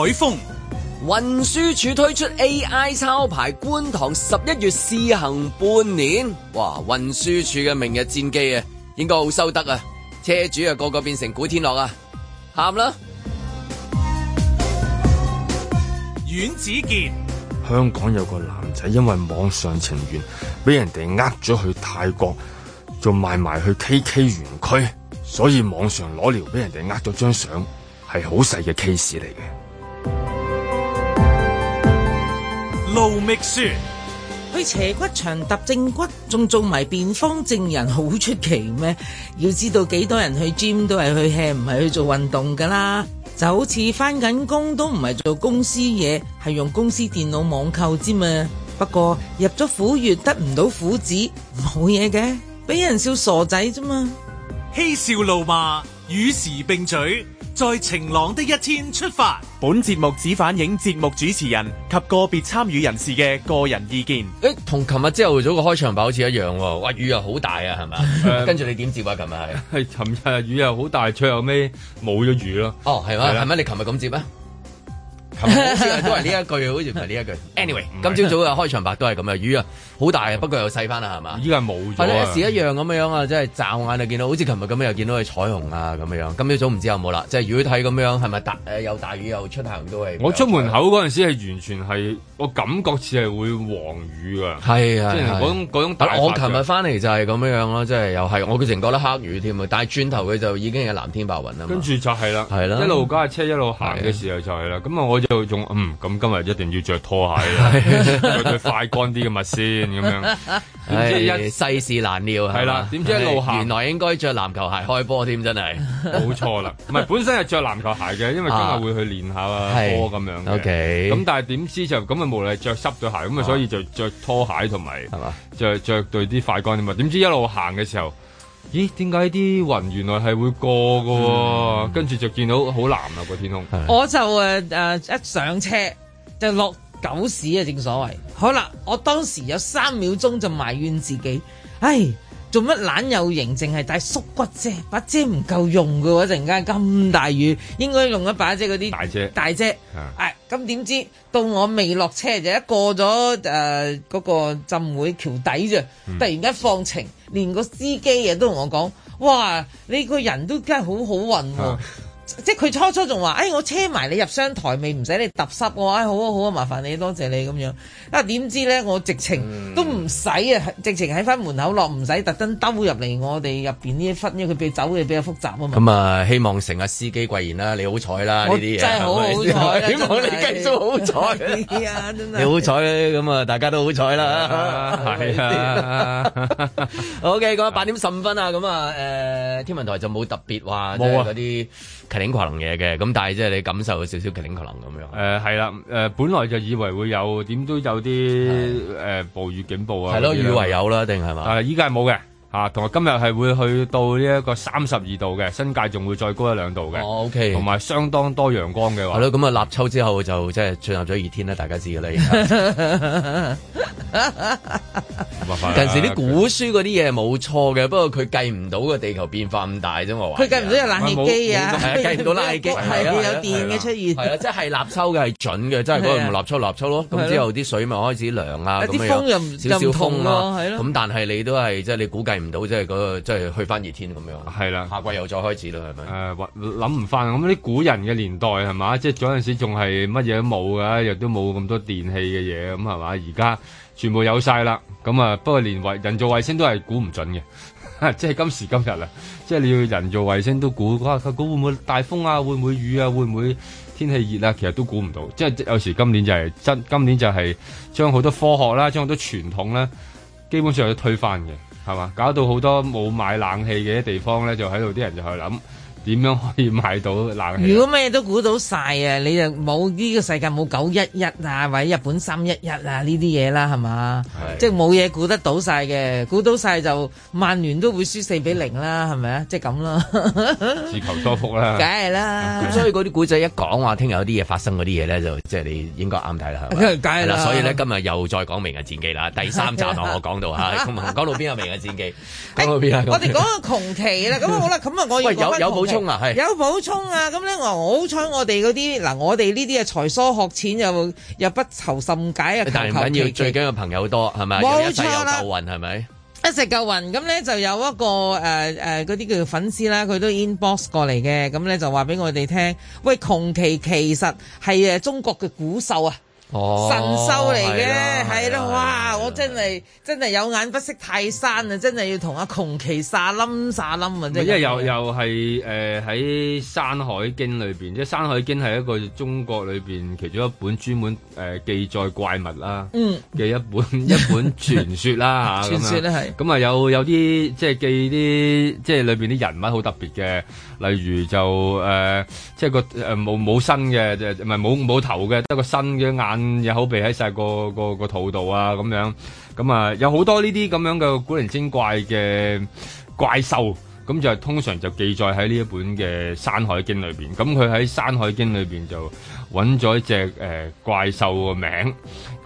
海風運輸署推出 AI 抄牌，觀塘十一月試行半年。哇！運輸署嘅明日戰機啊，應該好收得啊！車主啊，個個變成古天樂啊，喊啦！阮子健，香港有個男仔因為網上情緣，俾人哋呃咗去泰國，仲賣埋去 KK 園區，所以網上裸聊俾人哋呃咗張相，係好細嘅 case 嚟嘅。去斜骨場揼正骨，仲做埋辯方證人，好出奇咩？要知道幾多人去 gym 都係去 hea，唔係去做運動㗎啦。就好似翻緊工都唔係做公司嘢，係用公司電腦網購之嘛。不過入咗虎穴得唔到虎子，冇嘢嘅，俾人笑傻仔啫嘛，嬉笑怒罵。與時並舉，在晴朗的一天出發。本節目只反映節目主持人及個別參與人士嘅個人意見。誒、欸，同琴日朝頭早嘅開場白好似一樣，哇，雨又好大啊，係咪、嗯？跟住你點接啊？琴日係係琴日雨又好大，最後尾冇咗雨咯。哦，係嘛，係咪？你琴日咁接啊？琴日好似係都係呢一句， 好似係呢一句。Anyway，今朝早嘅開場白都係咁啊，雨啊。好大嘅，不過又細翻啦，係嘛？依家冇咗。係啦，一時一樣咁樣啊，即係驟眼就見到，好似琴日咁樣又見到嘅彩虹啊咁樣。今日早唔知有冇啦，即係如果睇咁樣係咪大誒有大雨又出行都係。我出門口嗰陣時係完全係，我感覺似係會黃雨㗎。係啊、嗰種，即係我琴日翻嚟就係咁樣咯，即係又係我嘅成覺得黑雨添啊，但係轉頭佢就已經係藍天白雲啦。跟住就係啦，係啦，一路架車一路行嘅時候就係啦。咁啊，我就仲嗯咁今日一定要着拖鞋，著對、啊、 快乾啲嘅物先。 咁樣，點知一世事難料係啦。點知一路行，原來應該着籃球鞋開波添，真係冇錯啦。唔係本身係着籃球鞋嘅，因為今日會去練下啊波咁樣。O K，咁但係點知就咁啊，無理着濕對鞋，咁啊，所以就着拖鞋同埋係嘛，着着對啲快乾啲襪。點知一路行嘅時候，咦？點解啲雲原來係會過噶、啊嗯？跟住就見到好藍啊個天空。我就誒、啊、誒，一上車就落。狗屎啊！正所謂，好啦，我當時有三秒鐘就埋怨自己，唉，做乜懶又型，淨係帶縮骨啫，把遮唔夠用噶喎！一陣間咁大雨，應該用一把遮嗰啲大遮，大遮，唉、啊、咁、啊、點知到我未落車就一過咗誒嗰個浸會橋底咋、嗯？突然間放晴，連個司機啊都同我講：哇，你個人都真係好好運喎！啊即係佢初初仲話，誒、哎，我車埋你入商台未？唔使你揼濕我。話、哎，好啊好啊，麻煩你，多謝你咁樣。但係點知咧，我直情都唔使啊，直情喺翻門口落，唔使特登兜入嚟我哋入邊呢一忽，因為佢俾走嘅比較複雜啊嘛。咁啊，希望成啊司機貴言啦，你好彩啦呢啲嘢，真係好好彩，希望你繼續好彩。 啊、真你好彩咧，咁啊，大家都好彩啦。係 o k 嘅，咁八點十五分啊，咁啊，誒，天文台就冇特別話即係嗰啲。奇零怪能嘢嘅，咁但係即係你感受少少奇零怪能咁樣，誒係啦，誒、呃、本來就以為會有，點都有啲誒、呃、暴雨警報啊。係咯，以為有啦，定係嘛？啊，依家係冇嘅。嚇、啊，同埋今日係會去到呢一個三十二度嘅，新界仲會再高一兩度嘅。OK 同埋相當多陽光嘅話。係、嗯、咯，咁啊立秋之後就即係進入咗熱天啦，大家知㗎啦。近、 嗯、時啲古書嗰啲嘢冇錯嘅，不過佢計唔到個地球變化咁大啫。我佢計唔到有冷氣機啊，係、啊嗯 啊、計唔到冷氣機，係 有電嘅出現。即係立秋嘅係準嘅，即係佢唔立秋立、啊、秋咯。咁 之後啲水咪開始涼啊，啲風又少少通啦、啊，係、嗯、咯。咁但係你都係即係你估計唔到即係嗰個，即係去翻熱天咁樣，係啦，夏季又再開始啦，係咪？諗唔翻咁啲古人嘅年代係嘛，即係嗰陣時仲係乜嘢都冇㗎，又都冇咁多電器嘅嘢咁係嘛？而家全部有晒啦，咁啊，不過連衛人造衛星都係估唔準嘅， 即係今時今日啦，即係你要人造衛星都估，哇！佢會唔會大風啊？會唔會雨啊？會唔會天氣熱啊？其實都估唔到，即係有時今年就係、是、真，今年就係將好多科學啦，將好多傳統咧，基本上都推翻嘅。係嘛？搞到好多冇買冷氣嘅啲地方咧，就喺度啲人就去諗。點樣可以買到冷氣？如果咩都估到晒啊，你就冇呢個世界冇九一一啊，或者日本三一一啊呢啲嘢啦，係嘛？即係冇嘢估得到晒嘅，估到晒就曼聯都會輸四比零啦，係咪啊？即係咁咯，自求多福啦，梗係啦。所以嗰啲故仔一講話聽日有啲嘢發生嗰啲嘢咧，就即係你應該啱睇啦，係咪？梗係啦。所以咧今日又再講《明日戰記》啦，第三集啊，我講到吓，同埋講到邊啊，《明日戰記》講到邊啊？我哋講到窮奇啦，咁好啦，咁啊，我有有好。補啊、有補充啊！咁咧我好彩，我哋嗰啲嗱，我哋呢啲啊才疏學淺又又不求甚解啊！但唔緊要，最緊要朋友多係咪？冇錯啦！一隻夠運係咪？一直夠運咁咧就有一個誒誒嗰啲叫做粉絲啦，佢都 inbox 過嚟嘅，咁咧就話俾我哋聽，喂，窮奇,奇其實係中國嘅古獸啊！哦、神獸嚟嘅，係咯，哇！我真係真係有眼不識泰山啊！真係要同阿窮奇撒冧撒冧啊！因為又又係誒喺山海經裏邊，即係山海經係一個中國裏邊其中一本專門誒記載怪物啦，嗯嘅一本傳 傳一本傳說啦吓，傳說咧係咁啊，有有啲即係記啲即係裏邊啲人物好特別嘅。例如就誒、呃，即係個誒冇冇身嘅，唔係冇冇頭嘅，得個身嘅眼、又口、鼻喺晒個個個肚度啊咁樣，咁啊有好多呢啲咁樣嘅古靈精怪嘅怪獸。咁就通常就記載喺呢一本嘅《山海經》裏面。咁佢喺《山海經》裏面就揾咗隻誒怪獸個名，咁、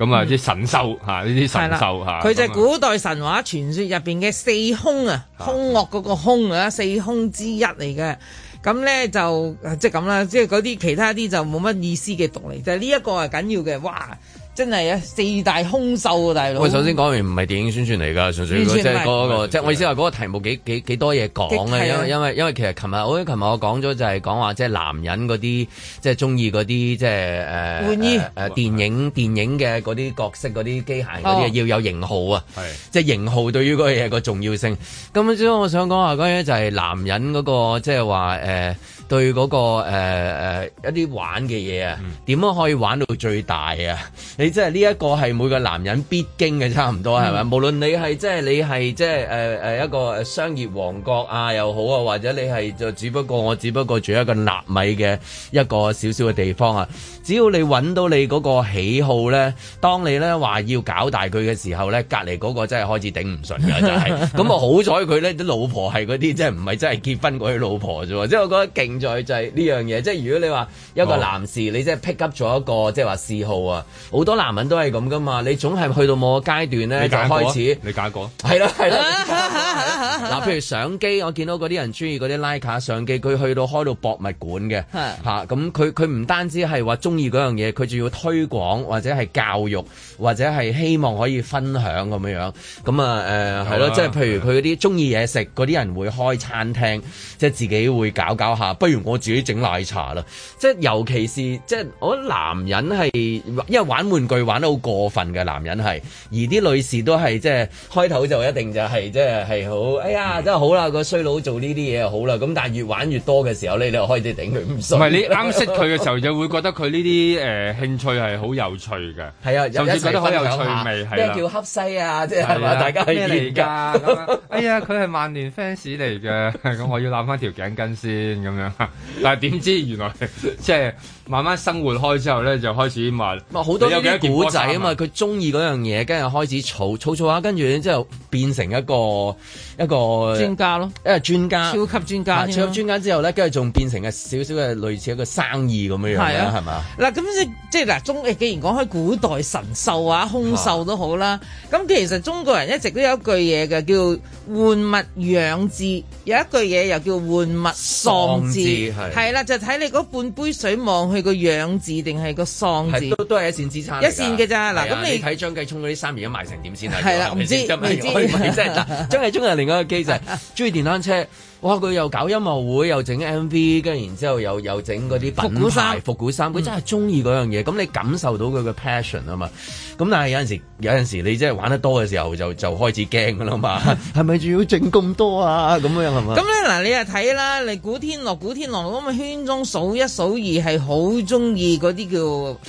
嗯、啊啲神獸嚇，呢啲神獸嚇。佢、啊、就係古代神話傳說入面嘅四凶啊，凶惡嗰個凶啊，四凶之一嚟嘅。咁咧就即係咁啦，即係嗰啲其他啲就冇乜意思嘅讀嚟，就係呢一個係緊要嘅。哇！真係啊！四大兇獸啊，大佬！我首先講完唔係電影宣傳嚟㗎，純粹即係嗰個即係我先話嗰個題目幾幾幾多嘢講咧，因為因為因為其實琴日我琴日我講咗就係講話即係男人嗰啲即係中意嗰啲即係誒誒電影電影嘅嗰啲角色嗰啲機械嗰啲要有型號啊，即係、就是、型號對於嗰嘢個重要性。咁之後我想講下嗰啲就係男人嗰、那個即係話誒。就是對嗰、那個誒、呃、一啲玩嘅嘢啊，點、嗯、樣可以玩到最大啊？你即係呢一個係每個男人必經嘅差唔多係咪、嗯？無論你係即係你係即係誒一個商業王國啊又好啊，或者你係就只不過我只不過住一個納米嘅一個小小嘅地方啊。只要你揾到你嗰個喜好咧，當你咧話要搞大佢嘅時候咧，隔離嗰個真係開始頂唔順㗎， 真係。咁啊好彩佢咧啲老婆係嗰啲即係唔係真係結婚嗰啲老婆啫喎，即係我覺得勁。就係呢樣嘢，即係如果你話一個男士，oh. 你即係 pick up 咗一個即係話嗜好啊，好多男人都係咁噶嘛，你總係去到某個階段咧就開始，你揀過，係啦係啦。嗱， 譬如相機，我見到嗰啲人中意嗰啲拉卡相機，佢去到開到博物館嘅，係，咁佢佢唔單止係話中意嗰樣嘢，佢仲要推廣或者係教育或者係希望可以分享咁樣樣，咁啊誒係咯，呃、 即係譬如佢嗰啲中意嘢食嗰啲人會開餐廳，即係自己會搞搞下。不如我自己整奶茶啦，即係尤其是即係我覺得男人係因為玩玩具玩得好過分嘅男人係，而啲女士都係即係開頭就一定就係、是、即係係好，哎呀、嗯、真係好啦，個衰佬做呢啲嘢好啦，咁但係越玩越多嘅時候咧，你就開始頂佢唔順。唔係你啱識佢嘅時候就會覺得佢呢啲誒興趣係好有趣嘅，係啊，甚至覺得好有趣味，咩叫黑西啊？即係、啊就是、大家可以嚟㗎？ 哎呀，佢係曼聯 fans 嚟嘅，咁 我要攬翻條頸巾先咁樣 但係點知原來即係、就是、慢慢生活開之後咧，就開始慢。好多啲古仔啊嘛，佢中意嗰樣嘢，跟住開始儲儲儲下，跟住之後變成一個。一個專家咯，一個專家，超級專家，超級專家之後咧，跟住仲變成嘅少少嘅類似一個生意咁樣樣、啊、啦，係嘛？嗱咁即即嗱中既然講開古代神獸啊，兇獸都好啦，咁其實中國人一直都有一句嘢嘅叫玩物養志，有一句嘢又叫玩物喪志，係啦、啊啊，就睇你嗰半杯水望去個養志定係個喪志、啊，都都係一線之差，一線嘅咋嗱？咁你睇張繼聰嗰啲衫而家賣成點先係？啦，唔知唔而機制，中意電單車，哇！佢又搞音樂會，又整 MV，跟住然之後又又整嗰啲品牌復古衫，佢真係中意嗰樣嘢。咁、嗯、你感受到佢嘅 passion 啊嘛？咁但係有陣時候，有陣時候你真係玩得多嘅時候就，就就開始驚噶啦嘛？係咪仲要整咁多啊？咁 樣係嘛？咁咧嗱，你又睇啦，你古天樂，古天樂咁嘅圈中數一數二，係好中意嗰啲叫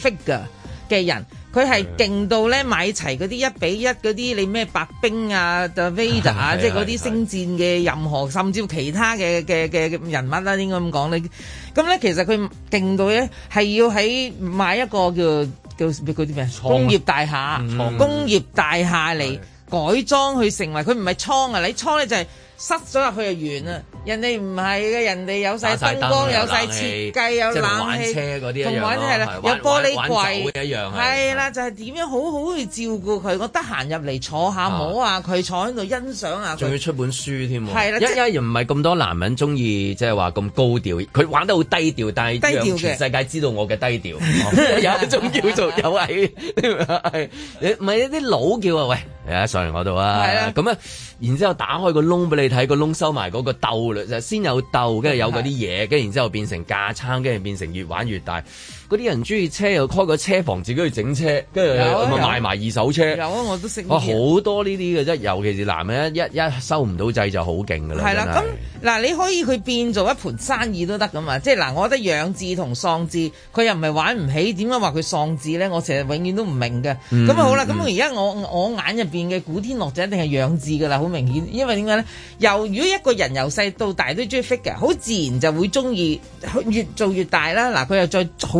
figure 嘅人。佢係勁到咧，買齊嗰啲一比一嗰啲，你咩白兵啊，Vader 啊，即係嗰啲星戰嘅任何甚至乎其他嘅嘅嘅人物啦、啊，應該咁講，你咁咧，其實佢勁到咧，係要喺買一個叫叫嗰啲咩工業大廈，嗯、工業大廈嚟改裝去成為佢唔係倉啊！你倉咧就係塞咗入去就完啊。人哋唔係嘅，人哋有晒燈光，光有晒設計，有冷氣，玩車嗰啲一樣咯，同玩有玻璃櫃一樣係啦，就係、是、點樣好好去照顧佢。我得閒入嚟坐下，摸下，唔啊話佢坐喺度欣賞啊。仲要出本書添喎，係啦，一一人唔係咁多男人中意，即係話咁高調。佢玩得好低調，但係讓全世界知道我嘅低調，低調哦、 有一種叫做有藝係你唔係啲佬叫啊，喂，嚟上嚟我度啊，咁啊，然之後打開個窿俾你睇，個窿收埋嗰個先有鬥，跟住有嗰啲嘢，跟住然之後變成架撐，跟住變成越玩越大。嗰啲人中意車又開個車房自己去整車，跟住、嗯、賣埋二手車，有啊我都識。好多呢啲嘅啫，尤其是男人，一一收唔到掣就好勁㗎啦。係啦，咁嗱你可以佢變做一盤生意都得㗎嘛。即係嗱，我覺得養志同喪志，佢又唔係玩唔起，點解話佢喪志咧？我成日永遠都唔明嘅。咁、嗯、啊好啦，咁而家我我，我眼入面嘅古天樂就一定係養志噶啦，好明顯，因為點解咧？由如果一個人由細到大都中意 fit 嘅，好自然就會中意越做越大啦。嗱，佢又再好。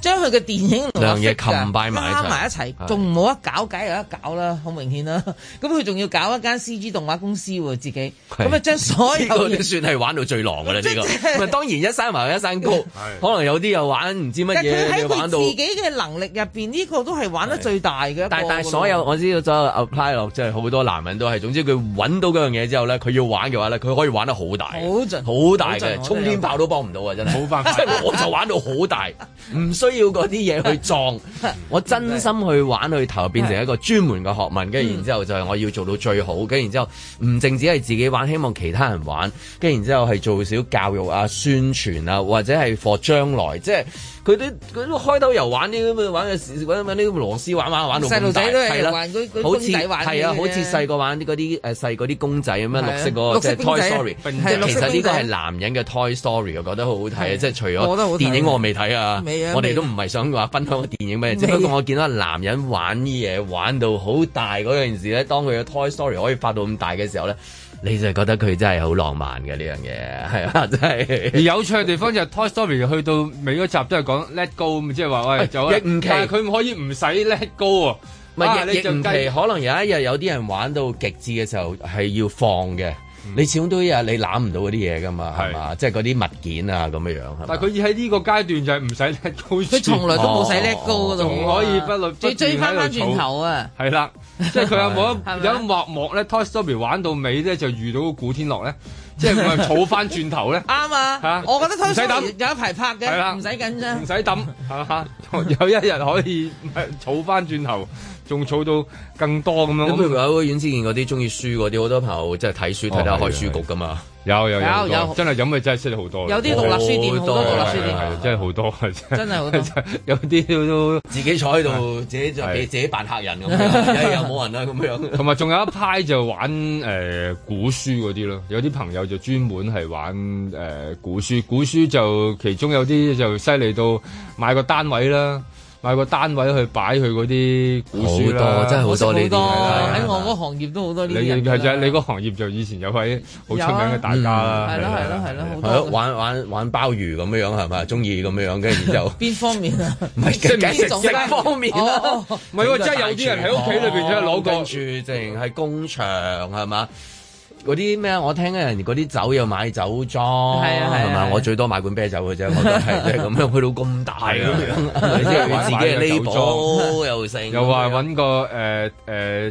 將佢嘅電影、嘅嘢擒埋、埋一齊，仲冇得搞緊係有得搞啦，好明顯啦。咁佢仲要搞一間 CG 動畫公司喎，自己咁啊！將所有呢、呢個都算係玩到最狼㗎啦，呢、呢個咪當然一山埋一山高，可能有啲又玩唔知乜嘢，又自己嘅能力入面呢個都係玩得最大嘅。但但所有我知道咗 apply 即係好多男人都係。總之佢揾到嗰樣嘢之後呢，佢要玩嘅話呢，佢可以玩得好大，好大嘅，衝天炮都幫唔到啊！真係 我就玩到好大，唔需。要啲嘢去撞，我真心去玩去投，變成一個專門嘅學問。跟住然之後就係我要做到最好。跟住然之後唔淨止係自己玩，希望其他人玩。跟然之後係做少少教育啊、宣傳啊，或者係 for 將來，即係。佢啲佢都開兜遊玩啲咁玩嘅事，啲螺絲玩玩玩到咁大。係啦，啊、好似係啊，好似細個玩啲嗰啲誒細嗰啲公仔咁樣，啊，綠色嗰、那個即係、就是、Toy Story、啊。其實呢個係男人嘅 Toy Story，我覺得好好睇啊！即、就、係、是、除咗電影我，我未睇啊。我哋都唔係想話分享個電影咩、啊啊。只不過我見到男人玩啲嘢，玩到好大嗰陣時咧，當佢嘅 Toy Story 可以發到咁大嘅時候咧。你就覺得佢真係好浪漫嘅呢樣嘢，係嘛？真係。而有趣嘅地方就係 Toy Story 去到尾嗰集都係講 let go，即係話喂，哎、亦但係佢唔可以唔使 let go 啊，亦唔奇可能有一日有啲人玩到極致嘅時候係要放嘅。你始終都呀，你攬唔到嗰啲嘢㗎嘛，係嘛？即係嗰啲物件啊，咁樣。但係佢喺呢個階段就係唔使叻高，佢從來都冇使叻高、哦，都唔可以不落。你、哦、追返返轉頭啊！係啦，即係佢有冇有一幕幕咧？Toy Story 玩到尾呢，就遇到古天樂呢， 即係佢係？儲返轉頭呢？啱 啊！我覺得 Toy Story 有一排拍嘅，唔使緊張，唔使抌嚇， 有一日可以儲翻轉頭。種草到更多咁樣，咁譬如喺院之前嗰啲中意書嗰啲，好多朋友即係睇書睇得開書局噶嘛，有 有有有，有，真係飲嘅真係犀利好多，有啲獨立書店好多獨立書店，真係好多真係 有啲都自己坐喺度自己就自己扮客人咁，又 冇 人啦咁樣。同埋仲有一派就玩誒、呃、古書嗰啲咯，有啲朋友就專門係玩誒、呃、古書，古書就其中有啲就犀利到買個單位啦。買個單位去擺佢嗰啲古書啦，多真係好多呢啲，喺我嗰行業都好多呢啲，就係你嗰行業就以前有位好出名嘅大家啦，係咯係咯係咯係咯，好、嗯、多玩玩玩鮑魚咁樣係嘛？中意咁樣跟住就邊 方面啊？唔係即係食方面咯，啊，唔、哦、係、哦、 即係有啲人喺屋企裏邊仲攞個住淨係工場係嘛？嗰啲咩？我聽人嗰啲酒又買酒莊係啊係嘛？我最多買罐啤酒嘅啫，我都係係咁樣去到咁大嘅，自己嘅酒莊，酒莊 又盛又話揾個誒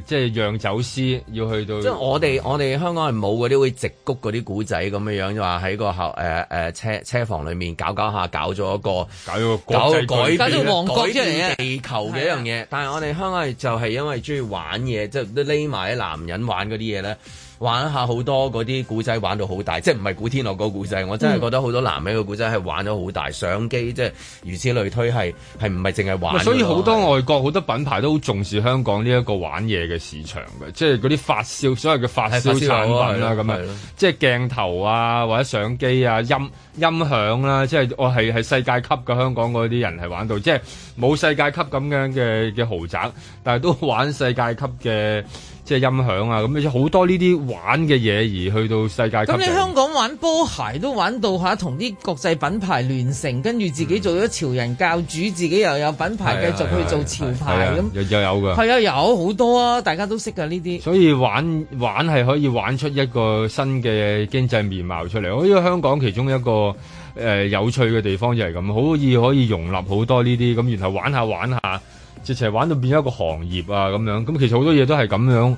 即係釀酒師要去到。即、就、係、是、我哋我哋香港係冇嗰啲會直谷嗰啲古仔咁樣就即話喺個後誒誒車房裏面搞搞下，搞咗一個搞一個改搞改戇望出嚟地球嘅一樣嘢，啊，但係我哋香港就係因為中意玩嘢，即係匿埋啲男人玩嗰啲嘢咧。玩下好多嗰啲古仔，玩到好大，即係唔係古天樂嗰個古仔？我真係覺得好多男人嘅古仔係玩咗好大，嗯、相機，即係如此類推，係係唔係淨係玩？所以好多外國好多品牌都好重視香港呢一個玩嘢嘅市場嘅，即係嗰啲發燒所謂嘅發燒產品啦，咁樣即係鏡頭啊，或者相機啊，音音響啦，啊，即係我係係世界級嘅香港嗰啲人係玩到，即係冇世界級咁樣嘅嘅豪宅，但係都玩世界級嘅。即係音響啊，咁而且好多呢啲玩嘅嘢而去到世界。咁你香港玩波鞋都玩到下，同啲國際品牌聯乘，跟住自己做咗潮人教主，自己又有品牌繼續去做潮牌咁，又有㗎。係啊，有好多啊，大家都識㗎呢啲。所以玩玩係可以玩出一個新嘅經濟面貌出嚟。我覺得香港其中一個、呃、有趣嘅地方就係咁，好易可以容納好多呢啲咁，然後玩下玩下。直情玩到變咗一個行業啊咁樣，咁其實好多嘢都係咁樣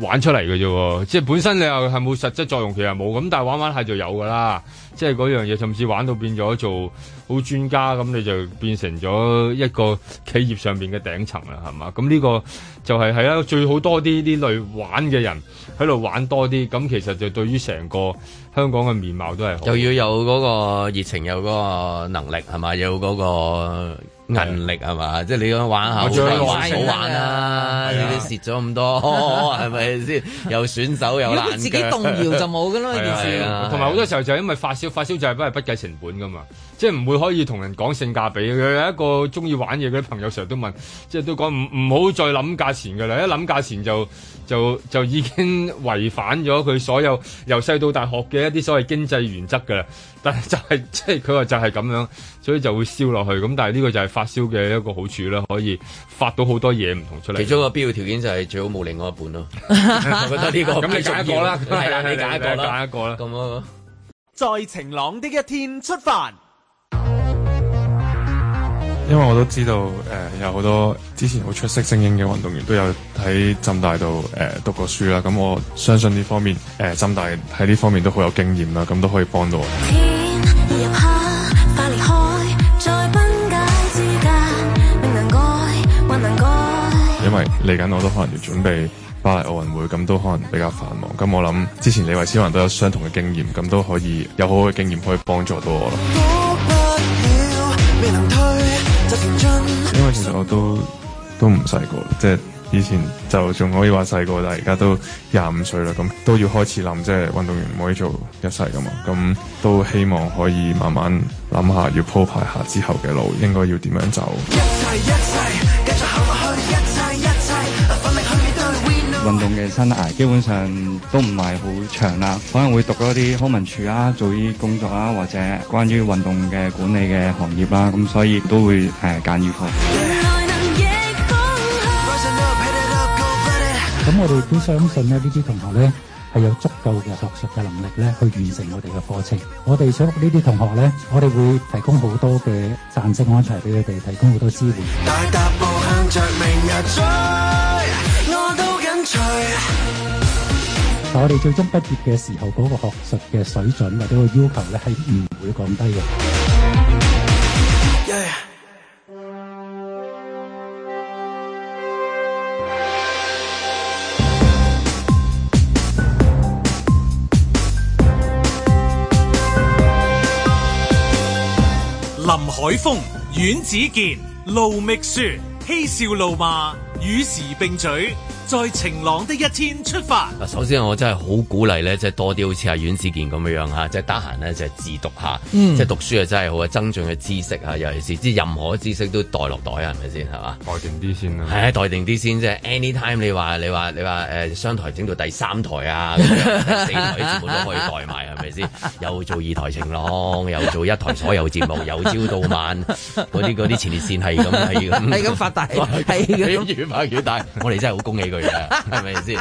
玩出嚟嘅啫。即係本身你又係冇實質作用，其實冇咁，但係玩玩下就有噶啦。即係嗰樣嘢，甚至玩到變咗做好專家，咁你就變成咗一個企業上邊嘅頂層啦，係嘛？咁呢個就係，係啊，最好多啲呢類玩嘅人喺度玩多啲。咁其實就對於成個香港嘅面貌都係好，又要有嗰個熱情，有嗰個能力係嘛，有嗰個。銀力係嘛，嗯？即係你咁樣玩下，我最玩啦！你蝕咗咁多，係咪先？又選手又自己動搖就冇㗎啦，呢件事。同埋好多時候就係因為發燒，發燒就係不計成本㗎嘛，即係唔會可以同人講性價比。佢有一個中意玩嘢嗰啲朋友，成日都問，即係都講唔唔好再諗價錢㗎啦！一諗價錢就就就已經違反咗佢所有由細到大學嘅一啲所謂經濟原則㗎啦。但係就係即係佢話就係、是、咁樣，所以就會燒落去。咁但係呢個就係發燒嘅一個好處啦，可以發到好多嘢唔同出嚟。其中一個必要條件就係最好冇另外一半咯。 我覺得呢個咁你揀一個啦，係啊，你揀一個啦，揀一個啦。咁啊，在晴朗的一天出發。因為我都知道，誒、呃、有好多之前好出色精英嘅運動員都有喺浸大度誒、呃、讀過書啦。咁我相信呢方面，誒、呃、浸大喺呢方面都好有經驗啦。咁都可以幫到我。因為嚟緊我都可能要準備巴黎奧運會，咁都可能比較繁忙。咁我諗之前李維斯雲都有相同嘅經驗，咁都可以有好好嘅經驗可以幫助到我啦。嗯，因為其實我都都唔細個，即係以前就仲可以話細個，但係而家都廿五歲啦，咁都要開始諗，即係運動員唔可以做一世噶嘛，咁都希望可以慢慢諗下，要鋪排一下之後嘅路，應該要點樣走。一運動嘅生涯基本上都唔係好長啦，可能會讀一啲康文署啊，做啲工作啦，或者關於運動嘅管理嘅行業啦，咁所以都會誒揀呢科。咁我哋都相信咧，呢啲同學咧係有足夠嘅學術嘅能力咧，去完成我哋嘅課程。我哋想呢啲同學咧，我哋會提供好多嘅膳食安排俾佢哋，提供好多支援。但 我哋最終畢業嘅時候，嗰個學術嘅水準或者個要求咧，係唔會降低嘅。yeah. yeah. 林海峰、阮子健、盧覓雪、嬉笑怒罵，與時並舉。在晴朗的一天出發。首先我真係好鼓勵咧，即係多啲好似阿阮子健咁樣吓，即係得閒咧就係自讀下，即、嗯、係讀書啊，真係好啊，增進嘅知識啊，尤其是即係任何知識都袋落袋啊，係咪先係嘛？袋定啲先啦。係啊，袋定啲先即係 Anytime 你話你話你話誒、呃，商台整到第三台啊， 四台全部都可以袋埋，係咪先？又 做二台晴朗， 又做一台所有節目， 由朝到晚啲啲前列腺係咁係咁，係 咁發大係咁越發越大。 我哋真係好恭喜佢。係咪先？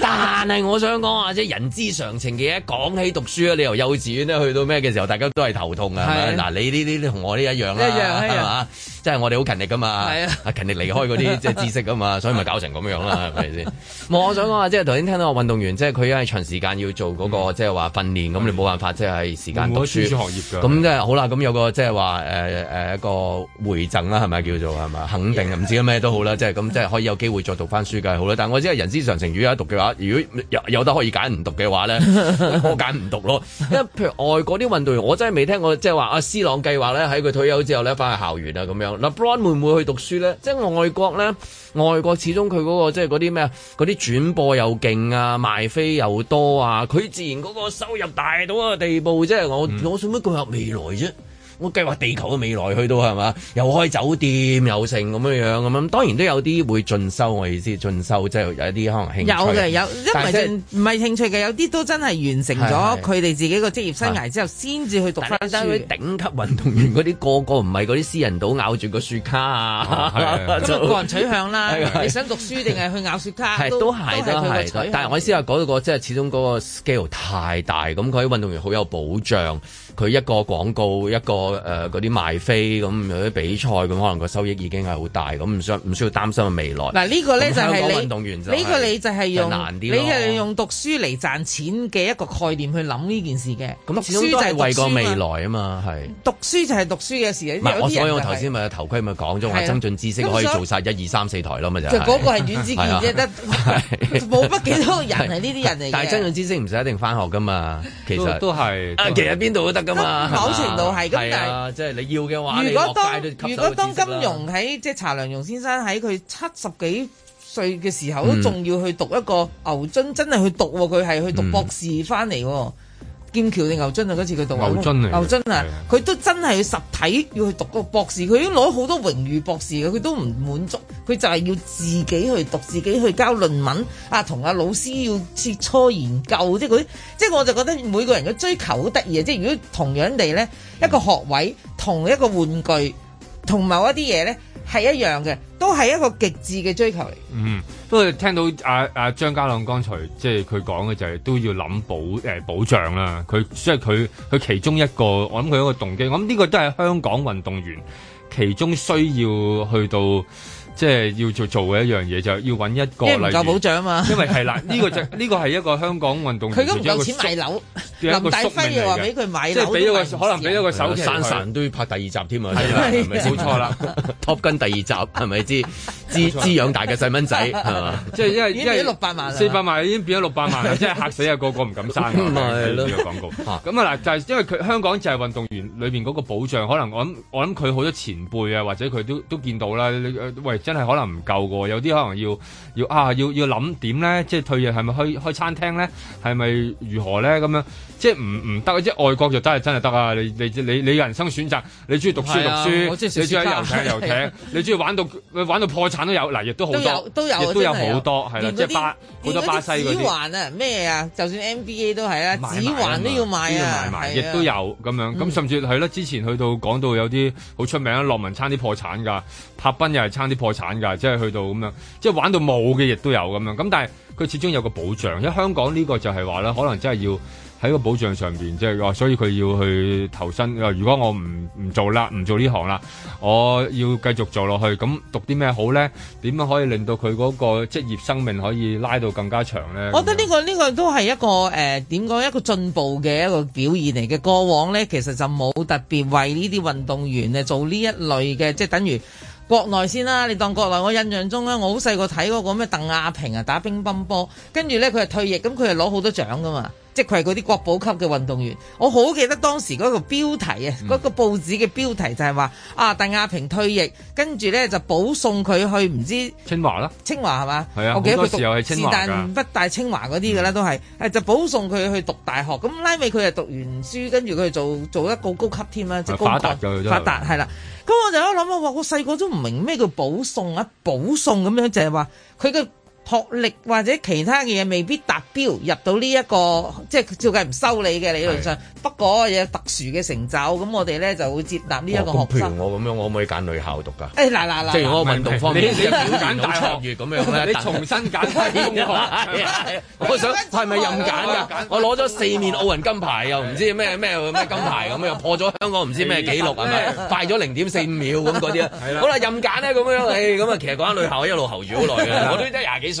但係我想講話，即係人之常情嘅。講起讀書咧，你由幼稚園咧去到咩嘅時候，大家都係頭痛係啊。嗱，你呢啲同我呢一樣啦，係 嘛是吧？ 即係我哋好勤力㗎嘛，勤、啊、力離開嗰啲即係知識㗎嘛， 所以咪搞成咁樣啦，係咪先？ 我想講啊，即係頭先聽到個運動員，即係佢因為長時間要做嗰、那個、嗯、即係話訓練，咁、嗯、你冇辦法即係時間讀書。咁、啊、即係好啦，咁有個即係話誒誒一個回贈啦，係咪叫做係咪肯定？唔知咩都好啦， 即係咁即係可以有機會再讀翻書㗎，好啦。但係我知人之常情，如果讀嘅話，如果有，有，有得可以揀唔讀嘅話咧， 我揀唔讀咯。因 為譬如外國啲運動員，我真係未聽過，即係話阿斯朗計劃咧喺佢退休之後咧翻去校園啊咁樣。嗱，Bron 會唔會去讀書咧？即係外國咧，外國始終佢嗰個即係嗰啲咩啊，嗰啲轉播又勁啊，賣飛又多啊，佢自然嗰個收入大到個地步，即係我、嗯、我想乜聚合未來啫。我計劃地球嘅未來去到係咪？又開酒店又成咁樣樣咁樣，當然都有啲會進修，我意思進修即係、就是、有一啲可能興趣。有嘅有，因為唔係興趣嘅，有啲都真係完成咗佢哋自己個職業生涯之後，先至去讀翻書。但頂級運動員嗰啲、啊、個個唔係嗰啲私人島咬住個雪茄啊，咁個 人取向啦，你想讀書定係去咬雪茄？係都係但係我意思講到個即係始終嗰個 scale 太大，咁佢啲運動員好有保障。佢一個廣告一個誒嗰啲賣飛咁，有啲比賽咁，可能個收益已經係好大咁，唔需唔需要擔心未來。嗱、啊、呢、呢個咧就係運動員呢、就是呢個你就係用、就是、你就用讀書嚟賺錢嘅一個概念去諗呢件事嘅。咁讀書就係為個未來啊嘛，係讀書就係讀書嘅事。唔係、就是，我所以我頭先咪頭盔咪講咗，話增進知識可以做晒一二三四台咯，咪，就係。就嗰個係遠視，而得冇乜幾多人係呢啲人嚟。但係增進知識唔使一定翻學㗎嘛，其實都係、啊。其實邊度都咁某程度係，係啊，即係你要嘅話，如果當如果當金庸喺，即係查良鏞先生喺佢七十幾歲嘅時候都仲要去讀一個牛津，嗯、真係去讀喎，佢係去讀博士翻嚟喎。嗯劍橋定牛津啊！嗰次佢讀牛津嚟，牛津啊！佢都真係要實體要去讀個博士，佢已經攞好多榮譽博士嘅，佢都唔滿足，佢就係要自己去讀，自己去交論文啊，同阿、啊、老師要切磋研究，即係佢，即係我就覺得每個人嘅追求好得意啊！即係如果同樣地咧，嗯、一個學位，同一個玩具，同某一啲嘢咧。係一樣嘅，都係一個極致嘅追求嚟。嗯，不過聽到阿、啊、阿、啊、張家朗剛才即係佢講嘅就係都要諗保保障啦。佢即係佢佢其中一個，我諗佢一個動機。我諗呢個都係香港運動員其中需要去到。即係要做做嘅一樣嘢，就要揾一個。因為唔夠保障啊嘛。因為係啦，呢、 這個呢個就呢係一個香港運動員。佢都唔夠錢買樓。林大輝就話俾佢買即係俾咗個，啊、可能俾咗個手生神都要拍第二集添啊。係 是吧 啦，冇錯啦，Top Gun 第二集係咪知，滋 滋 養大嘅細蚊仔係嘛？即係因為因為四百萬已經變咗六百萬了，真 係嚇死人人啊！ 個個唔敢生。廣告。咁啊嗱，就係、是、因為佢香港就係運動員裏邊嗰個保障， 可能我諗我諗佢好多前輩啊，或者佢都都見到啦。喂。真係可能唔夠嘅喎，有啲可能要要啊，要要諗點咧？即係退役係咪去開餐廳咧？係咪如何咧？咁樣即係唔唔得即係外國就真得，真係得啊！你你你你人生選擇，你中意讀書讀書，啊、讀書你中意遊艇遊艇，啊遊艇啊遊艇啊、你中意玩到、啊、玩到破產都有，嗱，亦都好多都有都都有好多係啦，即係巴好多巴西嗰啲環啊咩啊，就算 NBA 都係啊，指環都要賣啊，亦、啊啊、都有咁樣咁，嗯、甚至係啦、啊，之前去到講到有啲好出名啊，洛文差啲破產㗎，柏賓又係差啲破產。慘噶，即係去到咁樣，即係玩到冇嘅，亦都有咁樣。咁但係佢始終有個保障，因為香港呢個就係話咧，可能真係要喺個保障上邊，即係話，所以佢要去投身。如果我唔唔做啦，唔做呢行啦，我要繼續做落去，咁讀啲咩好咧？點樣可以令到佢嗰個職業生命可以拉到更加長咧？我覺得呢個呢個都係一個誒，點講？一個進步嘅一個表現嚟嘅。過往咧，其實就冇特別為呢啲運動員誒做呢一類嘅，即係等於。國內先啦、啊，你當國內，我印象中咧，我好細個睇嗰個咩鄧亞萍啊打乒乓波，跟住咧佢係退役，咁佢係攞好多獎噶嘛，即係佢係嗰啲國寶級嘅運動員。我好記得當時嗰個標題啊，嗰、嗯嗰個報紙嘅標題就係話啊，鄧亞萍退役，跟住咧就保送佢去唔知清華啦？清華係嘛？我啊，記得佢時候係清華但北大、清華嗰啲㗎啦，都係就保送佢去讀大學。咁拉尾佢係讀完書，跟住佢做做一個高級添啦，即係高發達，發達，發達係啦。咁我就一諗下話，我細個都唔明咩叫保送啊。保送咁樣，就係話，佢嘅。學歷或者其他嘅嘢未必達標入到呢、這、一個，即係照計唔收你嘅理論上。不過有特殊嘅成就，咁我哋咧就會接納呢一個學生。譬、哦、如我咁樣，我可唔可以揀女校讀㗎？嗱嗱即係我運動方面，你，你大學咁樣你重新揀啲、啊啊啊啊啊、我想係咪任揀㗎？我攞咗四面奧運金牌，又唔知咩咩咩金牌咁，又破咗香港唔知咩記錄咁樣、哎啊哎啊啊、快咗零點四五秒咁嗰啲好啦，任揀呢咁樣你，咁啊其實講緊女校一路候住好耐嘅。我都得廿幾。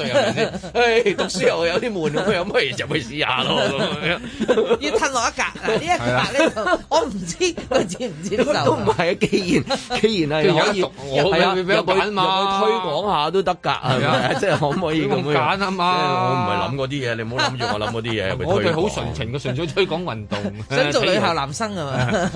讀 讀書又有啲悶， 有乜嘢就去試下咯。 要褪落一格，呢一格咧， 我唔知道知唔知都唔係啊。既然既然係有熟，我係啊，有冇推廣下都得㗎，係咪啊？即係可唔可以咁樣？啊嘛，我唔係諗嗰啲嘢，你唔好諗住我諗嗰啲嘢。我好純情嘅，純粹推廣運動，想做女校男生啊嘛，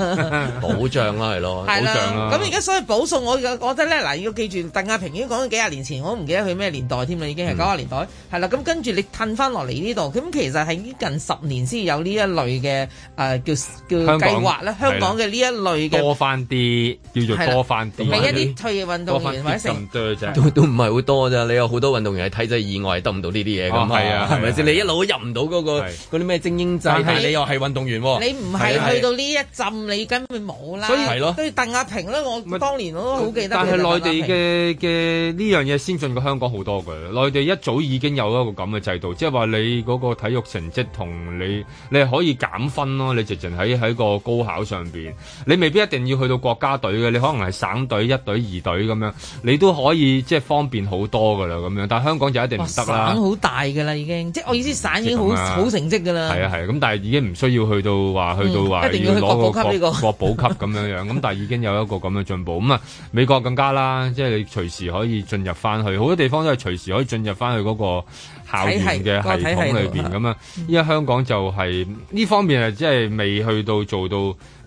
保障啦係咯，保障咁而家所以保送，我覺得咧嗱，要記住鄧亞平，呢講咗幾廿年前，我唔記得佢咩年代添啦，已經係。九十年代係啦，咁跟住你褪翻落嚟呢度，咁其實係呢近十年先有呢一類嘅、呃、叫叫計劃啦。香港嘅呢一類嘅多翻啲，叫做多翻啲。俾一啲退役運動員或者成都都唔係好多咋，你有好多運動員係體制意外得唔到呢啲嘢咁係啊，係咪先？你一路都入唔到嗰個嗰啲咩精英制，你又係運動員喎。你唔係去到呢一浸，你根本冇啦。所以係咯，對鄧亞平咧，我當年我都好記得但。但係內地嘅嘅呢樣嘢先進過香港好多嘅。內地。一早已經有一個咁嘅制度，即係話你嗰個體育成績同你，你係可以減分咯。你直情喺喺個高考上邊，你未必一定要去到國家隊嘅，你可能係省隊一隊二隊咁樣，你都可以即係方便好多噶啦咁樣。但係香港就一定唔得啦。省好大噶啦，已經即係我意思，省已經好好、嗯就是嗯、成績噶啦。係啊係啊，咁、啊、但係已經唔需要去到話去到話一、嗯、一定要去國個國，國寶級呢個國寶級咁樣樣。咁 但係已經有一個咁嘅進步。咁啊美國更加啦，即係你隨時可以進入返去，好多地方都係隨時可以進入。入翻去嗰個校園嘅系統裏邊咁啊！依家香港就係、是、呢、嗯、方面啊，即係未去到做到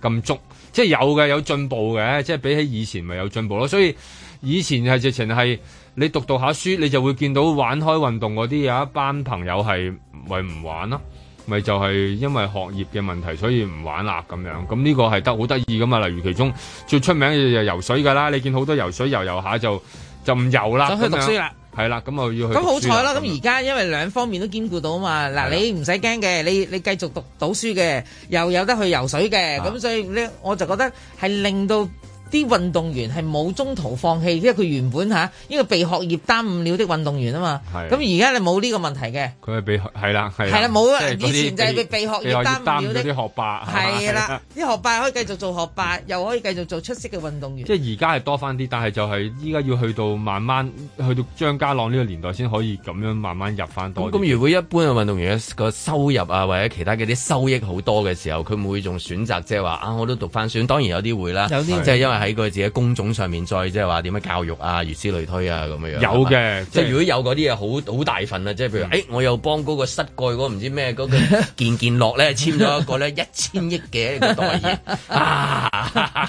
咁足，即、就、係、是、有嘅有進步嘅，即、就、係、是、比起以前咪有進步咯。所以以前係直情係你讀讀下書，你就會見到玩開運動嗰啲有一班朋友係咪唔玩啦？咪就係、是、因為學業嘅問題，所以唔玩啦咁樣。咁呢個係得好得意㗎嘛！例如其中最出名嘅就游水噶啦，你見好多游水游游下就就唔游啦，想去讀書啦。係啦，咁啊要去咁好彩啦！咁而家因為兩方面都兼顧到啊嘛，嗱你唔使驚嘅，你你，你繼續讀到書嘅，又有得去游水嘅，咁所以咧我就覺得係令到。啲運動員係冇中途放棄，因為佢原本嚇呢個被學業耽誤了的運動員啊嘛。係。咁而家你冇呢個問題嘅。佢係被係啦，係。係啦，冇啦。以前就係被學業耽誤了的，啲學、學霸。係啦，啲學霸可以繼續做學霸， 又可以繼續做出色嘅運動員。即係而家係多翻啲，但係就係依家要去到慢慢去到張家朗呢個年代先可以咁樣慢慢入翻到。咁如果一般嘅運動員嘅收入啊或者其他嘅啲收益好多嘅時候，佢唔會仲選擇即係話啊？我都讀翻選，當然有啲會啦。有啲就係、因為喺佢自己工種上面，再即係話點樣教育啊，如此類推啊，咁樣。有嘅，即係如果有嗰啲嘢，好好大份啊！即係譬如，誒、欸，我又幫嗰個膝蓋嗰唔知咩嗰、嗰個健健樂咧，簽咗一個咧一千億嘅一個代言啊！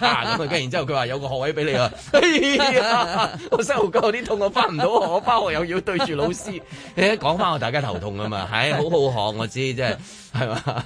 咁佢跟住然之後佢話有個學位俾你啊、哎！我膝頭哥有啲痛，我翻唔到學，我翻學又要對住老師，誒、哎、講翻我大家頭痛啊嘛！唉、哎，好好學我知啫，係嘛？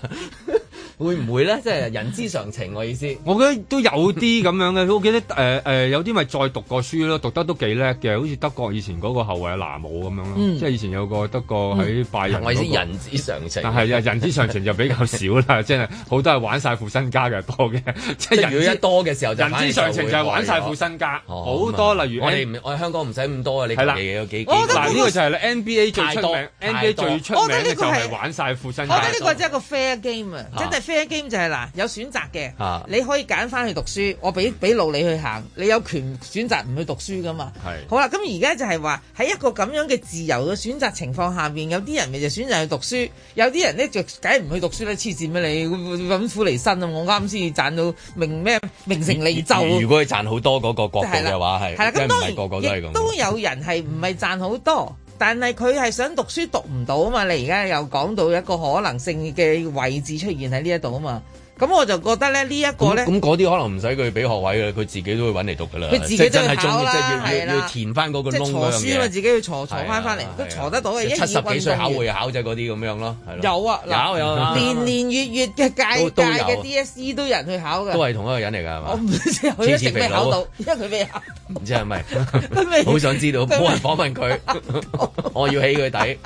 會唔會咧？即、就、係、是、人之常情，我意思。 我覺得都有啲咁樣嘅，我記得誒誒、呃呃，有啲咪再讀過書咯，讀得都幾叻嘅，好似德國以前嗰個後衛阿拿姆咁樣咯、嗯，即係以前有個德國喺拜仁我、那個。係、嗯嗯、人之常情。但係啊，人之常情就比較少啦， 即係好多係玩晒副身家嘅多嘅，即係人多嘅時候就就，人之常情就係玩晒副身家。好、哦、多、嗯、例如我哋我香港唔使咁多啊，你睇有幾？我嗱呢、那個、個，個就係 NBA 最出名，NBA 最出名嘅就係玩晒副身家我。我覺得呢個真係個 fair game 啊，Fair game 就係、是、嗱，有選擇嘅、啊，你可以揀翻去讀書，我俾俾路你去行，你有權選擇唔去讀書噶嘛。係，好啦，咁而家就係話喺一個咁樣嘅自由嘅選擇情況下面有啲人咪就選擇去讀書，有啲人咧就梗唔去讀書啦，黐線咩你，揾苦離身啊！我啱先賺到名咩名成利就。如果佢賺好多嗰個國稅嘅話，係、就、係、是、啦，咁當然個個都係咁，都有人係唔係賺好多。 但係佢係想讀書讀唔到啊嘛，你而家又講到一個可能性嘅位置出現喺呢一度啊嘛。咁我就覺得咧，呢個、呢一個咧，咁嗰啲可能唔使佢俾學位啊，佢自己都會搵嚟讀噶、即係、啦。佢自己真係考噶啦，係填翻嗰個窿書自己要坐坐翻翻嚟，佢、啊、坐得到嘅、啊。七、十幾歲考會考啫，嗰啲咁樣咯，有啊，有啊。有啊有啊啊啊年年月月嘅屆屆嘅 DSE 都有人去考嘅。都係同一個人嚟㗎，係嘛？我唔知佢點解未考到，因為佢未考。唔知係咪？好 想知道，冇 人訪問佢，我要起佢底，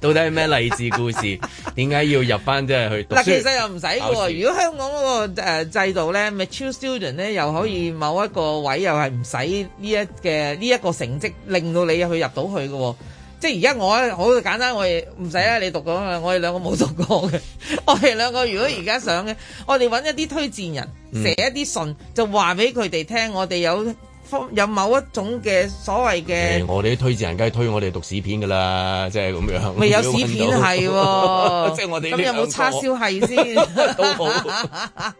到底係咩勵志故事？點解要入翻即係去讀？但其實又唔使喎。如果香港嗰個制度咧，mature student 咧，又可以某一個位，又係唔使呢一嘅呢一個成績令到你去入到去嘅、哦，即而家我好簡單，我哋唔使啦，你讀咗，我哋兩個冇讀過嘅， 我哋兩個如果而家想嘅，我哋揾一啲推薦人寫 一啲信，就話俾佢哋聽，我哋有。有某一種嘅所謂嘅、欸，我哋啲推薦人梗係推我哋讀史片噶啦，即係咁樣。未有史片係，即係我哋咁有冇叉燒係先？咁 樣都好笑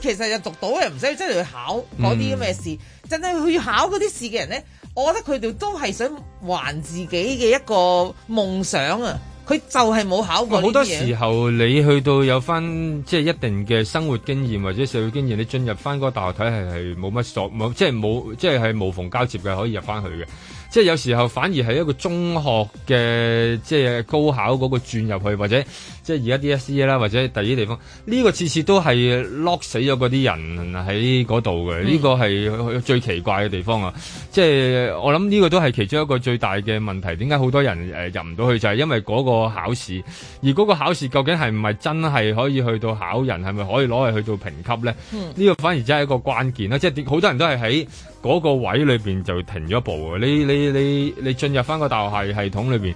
其實又讀到的，又唔使真係、嗯、去考嗰啲咁嘅事。真正去考嗰啲事嘅人咧，我覺得佢哋都係想還自己嘅一個夢想啊。佢就係冇考過。好多時候，你去到有翻，即係一定嘅生活經驗或者社會經驗，你進入翻個大學體系係冇乜所謂，即係冇，即係係無縫交接嘅，可以入翻去嘅。即係有時候反而係一個中學嘅即係高考嗰個轉入去，或者即係而家 DSE 啦，或者第二地方，呢、這個次次都係 lock 死咗嗰啲人喺嗰度嘅。呢、這個係最奇怪嘅地方啊！即、嗯、係、就是、我諗呢個都係其中一個最大嘅問題。點解好多人誒入唔到去就係、是、因為嗰個考試，而嗰個考試究竟係唔係真係可以去到考人，係咪可以攞嚟去到評級咧？呢、嗯這個反而真係一個關鍵啦！即係好多人都係喺。嗰、嗰個位裏面就停咗一步喎，你你你你進入返個大學系系統裏邊。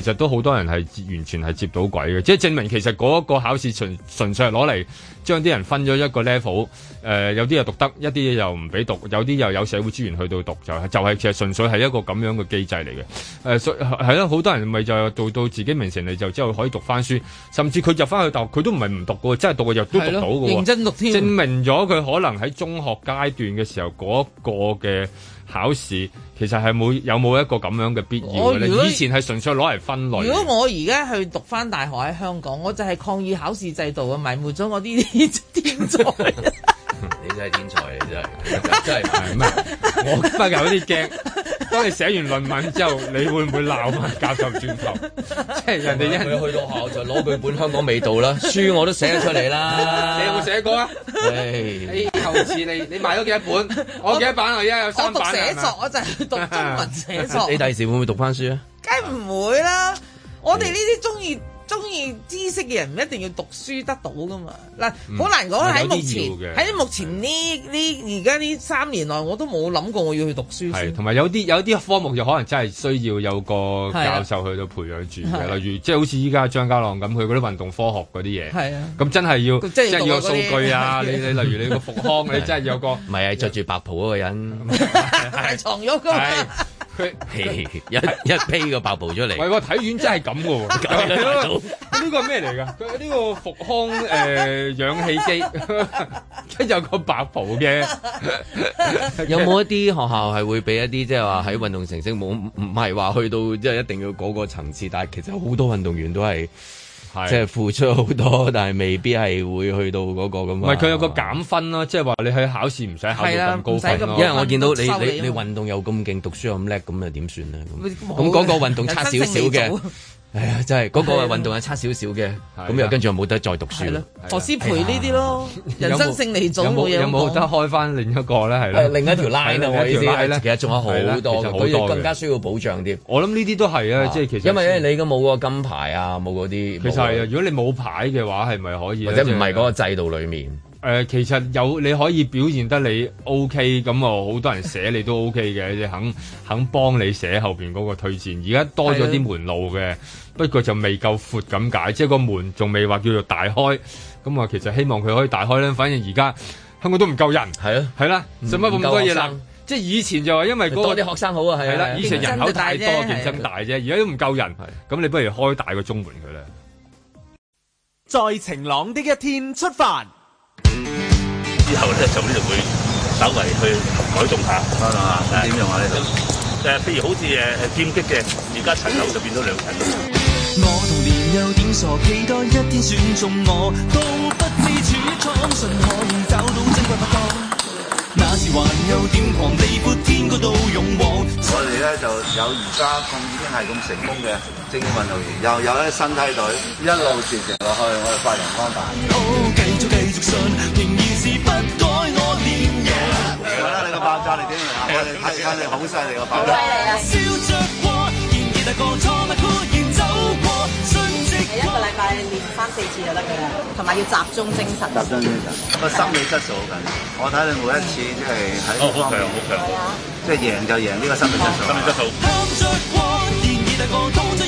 其實都好多人係完全係接到鬼嘅，即係證明其實嗰個考試純純粹係攞嚟將啲人分咗一個 level，誒、呃，有啲又讀得，一啲嘢又唔俾讀，有啲又有社會資源去到讀就係就係、是、其實純粹係一個咁樣嘅機制嚟嘅，誒、呃，係咯，好多人咪就係做到自己名成利就之後可以讀翻書，甚至佢入翻去大學不不讀，佢都唔係唔讀噶，即係讀嘅又都讀到噶，認真讀嘅，證明咗佢可能喺中學階段嘅時候嗰個嘅考試。其實係冇有冇一個咁樣嘅必要嘅？以前係純粹攞嚟分類的。如果我而家去讀翻大學喺香港，我就係抗議考試制度嘅，埋沒咗我呢啲天， 天才。你真係天才，你真係真係係咩？我突然有啲驚，當你寫完論文之後，你會唔會鬧翻教授轉頭？即係人哋一去到學校我就攞佢本香港味道啦，書我都寫咗出嚟啦，你有冇寫過啊？ 喂好 似你，你買咗幾多本？ 我幾多版啊？而家有三版。我讀寫作，我就係讀中文寫作。你第時會唔會讀翻書啊？梗唔會啦！ 我哋呢啲中意。中意知識嘅人唔一定要讀書得到㗎嘛。嗱、嗯，好難講，喺目前喺目前呢呢而家呢三年內我都冇諗過我要去讀書。係，同埋有啲有啲科目就可能真係需要有個教授去到培養住嘅，例如即係、就是、好似依家張家朗咁，佢嗰啲運動科學嗰啲嘢。係啊，咁真係要即係要，就是、要數據啊！你你例如你個復康， 你真係有個唔係啊！着住白袍嗰個人，藏咗個。 一一批個白布出嚟，唔係喎，睇完真係咁噶喎。呢 個係咩嚟噶？呢個復康誒氧氣機，跟 住有個白布嘅。 有冇一啲學校係會俾一啲即係話喺運動成績冇唔係話去到即係一定要嗰個層次，但係其實好多運動員都係。即係付出好多，但係未必係會去到嗰、嗰個咁。唔係佢有個減分咯、啊，即係話你去考試唔使考咁高分咯、啊啊啊。因為我見到你你你，你運動又咁勁，讀書又咁叻，咁又點算咧？咁嗰、啊、個運動差少少嘅。 哎呀，真係嗰、嗰個運動係差少少嘅，咁又跟住又冇得再讀書，何師培呢啲咯、哎，人生勝利組冇嘢。有冇得開翻另一個咧？係，另一條 line 我條 line 意思，其實仲有好多，佢更加需要保障啲。我諗呢啲都係啊，啊，即係其實因為，因為你都冇個金牌啊，冇嗰啲。其實係啊、嗰個，如果你冇牌嘅話，係咪可以？或者唔係嗰個制度裏面。誒、呃，其實有你可以表現得你 O K，咁啊好多人寫你都 O K 嘅， 肯肯幫你肯肯幫你寫後邊嗰個推薦。而家多咗啲門路嘅， 不過就未夠闊咁解，即係個門仲未話叫做大開。咁、嗯、啊，其實希望佢可以大開咧。反正而家香港都唔夠人，係 啊，係啦、啊，做乜咁多嘢啦，即係以前就話因為嗰、那、啲、個、學生好啊，係啦、啊啊，以前人口太多，競爭大啫，啊、大而家都唔夠人。咁、啊啊、你不如開大個中門佢咧。在晴朗啲一,一天出發。嗯、之後咧就呢度會稍微去改動下啊，點樣用啊？呢度誒，譬如好似誒劍擊嘅，而家層樓就變咗兩層。我童年有點傻，期待一天選中我，都不知處信可以找到珍貴寶藏。那時還有點狂，地闊天高勇往。我哋咧就有而家已經係咁成功嘅精英運動員，又有一新梯隊一路傳承落去，我哋發揚光大。Okay. 然是不我念啦，你個爆炸， 你點嚟啊？我哋睇時你好犀利個爆炸。犀利啊！係一個禮拜練翻四次就得噶啦，同、yeah. 埋要集中精神，集中精神。個心理質素好緊要，yeah. 我睇你每一次即係喺。好強，好強，即係贏就贏呢個心理質素，oh. 心理質素。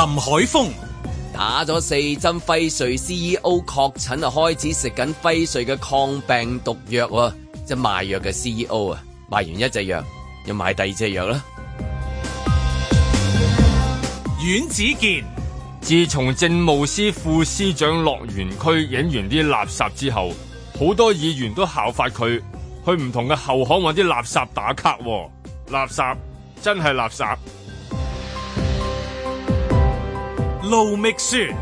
林海峰打咗四針輝瑞，C E O 確診啊，開始食緊輝瑞嘅抗病毒藥，即係賣藥嘅 C E O 啊，賣完一隻藥，要買第二隻藥啦。阮子健自從政務司副司長樂園區影完啲垃圾之後，好多議員都效法佢，去唔同嘅後巷揾啲垃圾打卡，垃圾真係垃圾。路覓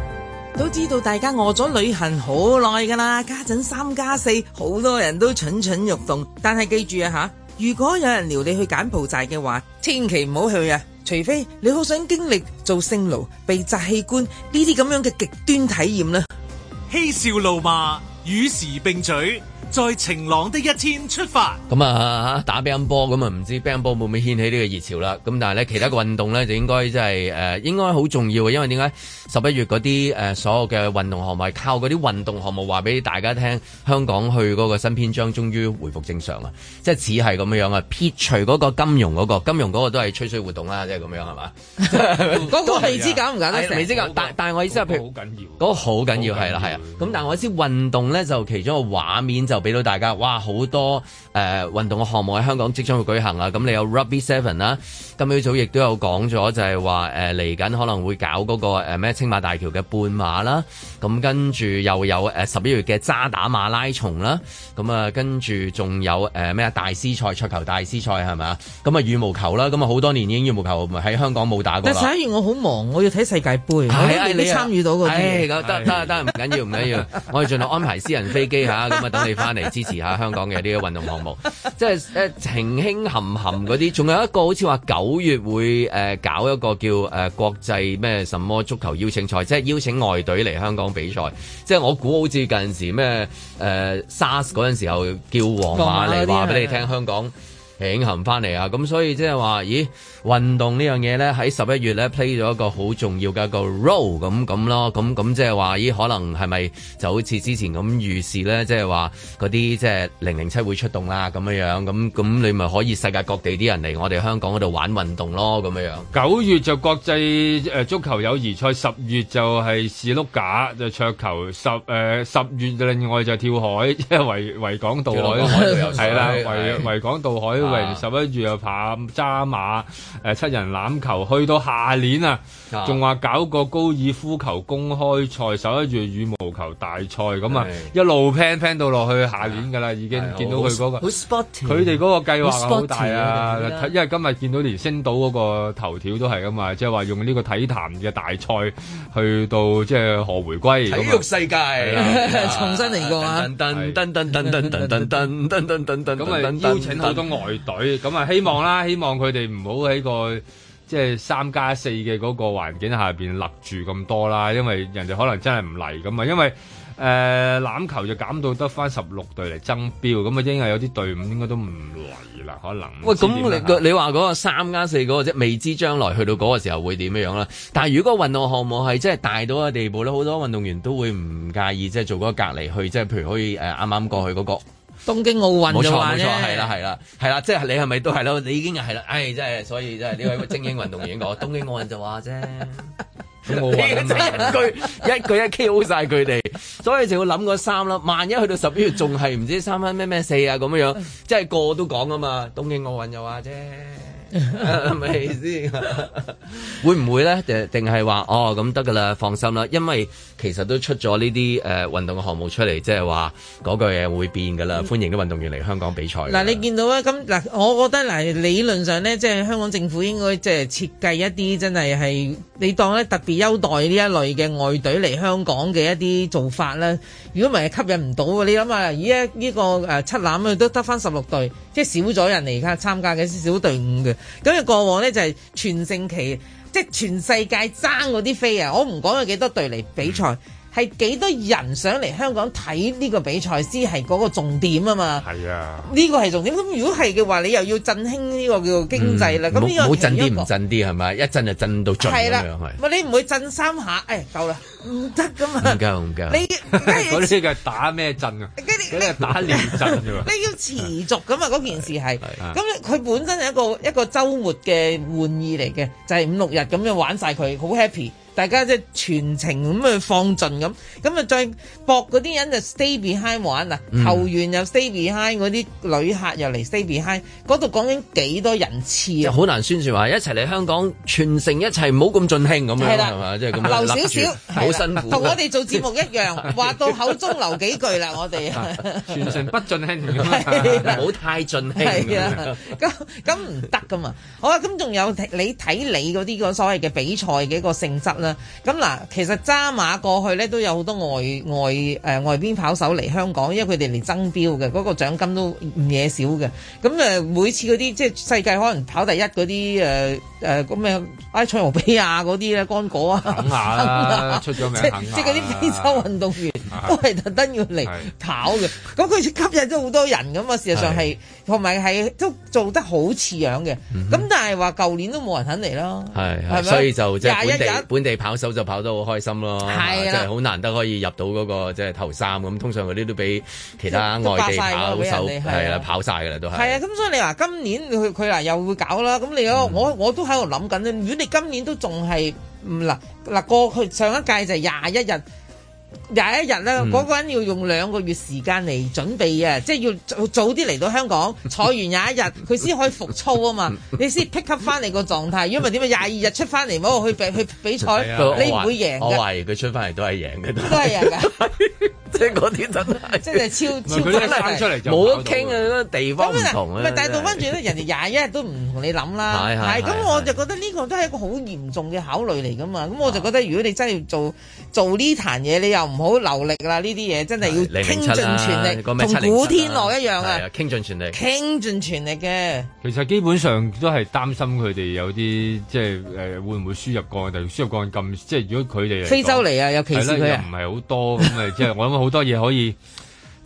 都知道大家餓咗旅行好耐噶啦，家陣三加四，好多人都蠢蠢欲動。但係記住啊吓，如果有人撩你去柬埔寨嘅話，千祈唔好去啊，除非你好想經歷做性奴、被摘器官呢啲咁樣嘅極端體驗啦。嬉笑怒罵，與時並舉。在晴朗的一天出發咁啊，打 b a 乒乓波咁啊，唔知 b 乒乓波會唔會掀起呢個熱潮啦？咁但係咧，其他嘅運動咧就應該即係誒，應該好重要嘅，因為點解十一月嗰啲誒所有嘅運動項目，係靠嗰啲運動項目話俾大家聽，香港去嗰個新篇章終於回復正常啊！即係只係咁樣啊！撇除嗰個金融嗰、嗰個，金融嗰個都係吹水活動啦，即係咁樣係嘛？嗰個未知簡唔簡單？未知啊！但但係我意思係，譬如好緊要，嗰個好緊要，係啦係啊。咁但係我意思運動咧，就其中個畫面就。俾到大家，哇！好多誒、呃、運動嘅項目喺香港即將會舉行啊！咁你有 Rugby Seven 啦。今朝早亦都有講咗，就係話誒嚟緊可能會搞嗰個咩青馬大橋嘅半馬啦，咁跟住又有誒十一月嘅渣打馬拉松啦，咁啊跟住仲有誒咩大師賽桌球大師賽係咪啊？咁啊羽毛球啦，咁啊好多年已經羽毛球喺香港冇打過。但十一月我好忙，我要睇世界盃，你未必參與到嗰啲。誒，得得得，唔緊要唔緊要，我哋盡量安排私人飛機嚇，咁啊等你翻嚟支持下香港嘅呢啲運動項目，即係誒情興含含嗰啲，仲有一個好似話九。五月會誒、呃、搞一個叫誒、呃、國際咩什,什麼足球邀請賽，即係邀請外隊嚟香港比賽。即係我估好似近時咩誒、呃、SARS 嗰陣時候叫皇馬嚟話俾你聽，香港請行翻嚟啊！咁所以即係話，咦？運動呢樣嘢咧喺十一月咧 play 咗一個好重要嘅一個 role 咁，咁咯，咁咁即係話咦，可能係咪就好似之前咁預示咧，即係話嗰啲即係零零七會出動啦咁樣樣，咁咁你咪可以世界各地啲人嚟我哋香港嗰度玩運動咯咁樣樣。九月就國際誒足球友誼賽，十月就係士碌架就桌球，十誒十月另外就跳海即係維港渡海係啦，維 維港渡海，泳十一月又爬渣馬。誒七人欖球去到下年啊，仲、啊、話搞個高爾夫球公開賽，十一月羽毛球大賽咁啊，一路 plan plan 到落去下年㗎啦，已經見到佢嗰、那個佢哋嗰個計劃係好大啊 Sporty,！因為今日見到連星島嗰個頭條都係㗎嘛，即係話用呢個體壇嘅大賽去到即係何回歸體育世界，啊、重新嚟過，等等等等等等等等等等等等等等邀請好多外隊，咁啊希望啦，希望佢哋唔好喺。呢、這個即係三加四嘅嗰個環境下邊立住咁多啦，因為人哋可能真係唔嚟，咁啊，因為誒攬、呃、球就減到得翻十六隊嚟爭標，咁啊因為有啲隊伍應該都唔嚟啦，可能。喂，咁你你話嗰個三加四嗰個啫，即未知將來去到嗰個時候會點樣啦？但係如果運動項目係即係大到嘅地步咧，好多運動員都會唔介意即係做嗰個隔離，去即係譬如可以誒啱啱過去嗰、那個。東京奧運就話冇錯冇錯係啦係啦係啦，即係你係咪都係咯？你已經係啦，唉，真係，所以真係呢位精英運動員講東京奧運就話啫， 東奧運一句一句一 K o 晒佢哋， 所以就要諗嗰三啦。萬一去到十一月仲係唔知三分咩咩四啊咁樣樣，即係個都講啊嘛。東京奧運就話啫，係咪 先？ 會唔會咧？定定係話哦咁得噶啦，放心啦，因為。其實都出咗呢啲誒運動嘅項目出嚟，即係話嗰句嘢會變㗎喇，歡迎啲運動員嚟香港比賽。嗱、嗯，你見到啊？咁嗱，我覺得嗱理論上咧，即係香港政府應該即係設計一啲真係係你當咧特別優待呢一類嘅外隊嚟香港嘅一啲做法啦。如果唔係吸引唔到，你諗、這個呃、下，而家呢個七欖都得返十六隊，即係少咗人嚟而家參加嘅少隊伍嘅。咁嘅過往呢，就係、是、全盛期。即係全世界爭嗰啲飛啊！我唔講有幾多隊嚟比賽，係、嗯、幾多人想嚟香港睇呢個比賽先係嗰個重點啊嘛！係啊，呢、這個係重點。咁如果係嘅話，你又要振興呢個叫做經濟啦。咁、嗯、呢個唔好、嗯、震啲唔震啲係咪一震就震到盡咁樣係。喂，你唔會震三下，誒、哎，夠啦，唔得噶嘛。唔夠唔夠。你嗰啲 叫打咩震啊？你 打連陣啫喎！你要持續咁啊，嗰 件事係咁，佢本身係一個一個週末嘅玩意嚟嘅，就係、是、五六日咁樣玩晒。佢，好 happy。大家即係全程咁去放盡咁，咁啊再搏嗰啲人就 stay behind 玩嗱，後、嗯、院又 stay behind 嗰啲旅客又嚟 stay behind 嗰度講緊幾多人次啊，好難宣傳話一齊嚟香港，全城一齊唔好咁盡興咁樣，係啦、即係，留少少，好辛苦，同我哋做節目一樣，話 到口中留幾句啦，我哋全城不盡興樣，唔好太盡興樣，係啊，咁咁唔得噶嘛，好啊，咁仲有你睇你嗰啲個所謂嘅比賽嘅一個性質啦。咁嗱，其實揸馬過去咧都有好多外外誒、呃、外邊跑手嚟香港，因為佢哋嚟爭標嘅嗰、嗰個獎金都唔嘢少嘅。咁誒每次嗰啲即係世界可能跑第一嗰啲誒誒個咩埃塞俄比亞嗰啲咧，幹果啊，想想 出咗名，即係嗰啲非洲運動員係都係特登要嚟跑嘅。咁佢吸引咗好多人咁啊，事實上係同埋係都做得好似樣嘅。咁、嗯、但係話舊年都冇人肯嚟咯，係咪？所以就即係、就係、本地你跑手就跑得好開心咯，啊啊啊，真係好難得可以入到嗰、那個即係、就是、頭三咁，通常嗰啲都俾其他外地跑，跑手係啦跑晒噶啦都係。係啊，咁、啊啊、所以你話今年佢佢嗱又會搞啦，咁你、嗯、我我都喺度諗緊咧，如果你今年都仲係嗱嗱過去上一屆就係廿一日。廿一日咧，嗰、嗰個人要用兩個月時間嚟準備啊、嗯，即係要早啲嚟到香港，坐完廿一日佢先可以復操啊嘛，你先 pick up 翻嚟個狀態。如果唔係點啊？廿二日出翻嚟冇去比去比賽，啊、你唔會贏我。我懷疑佢出翻嚟都係贏嘅，都係贏嘅，即係嗰啲真即係超超級無得傾嘅地方唔同咪但係到翻轉咧，人哋廿一日都唔同你諗啦，係咁我就覺得呢個都係一個好嚴重嘅考慮嚟㗎嘛。咁我就覺得如果你真係要做做呢壇嘢，你又唔～唔好流力啦！呢啲嘢真係要傾盡全力，同、啊啊、古天樂一樣啊，傾盡、啊、全力，傾盡全力嘅。其實基本上都係擔心佢哋有啲即係誒，會唔會輸入國人？但係輸入國人咁，即係如果佢哋非洲嚟啊，尤其視佢啊，又唔係好多咁啊！即 係、就是、我諗好多嘢可以。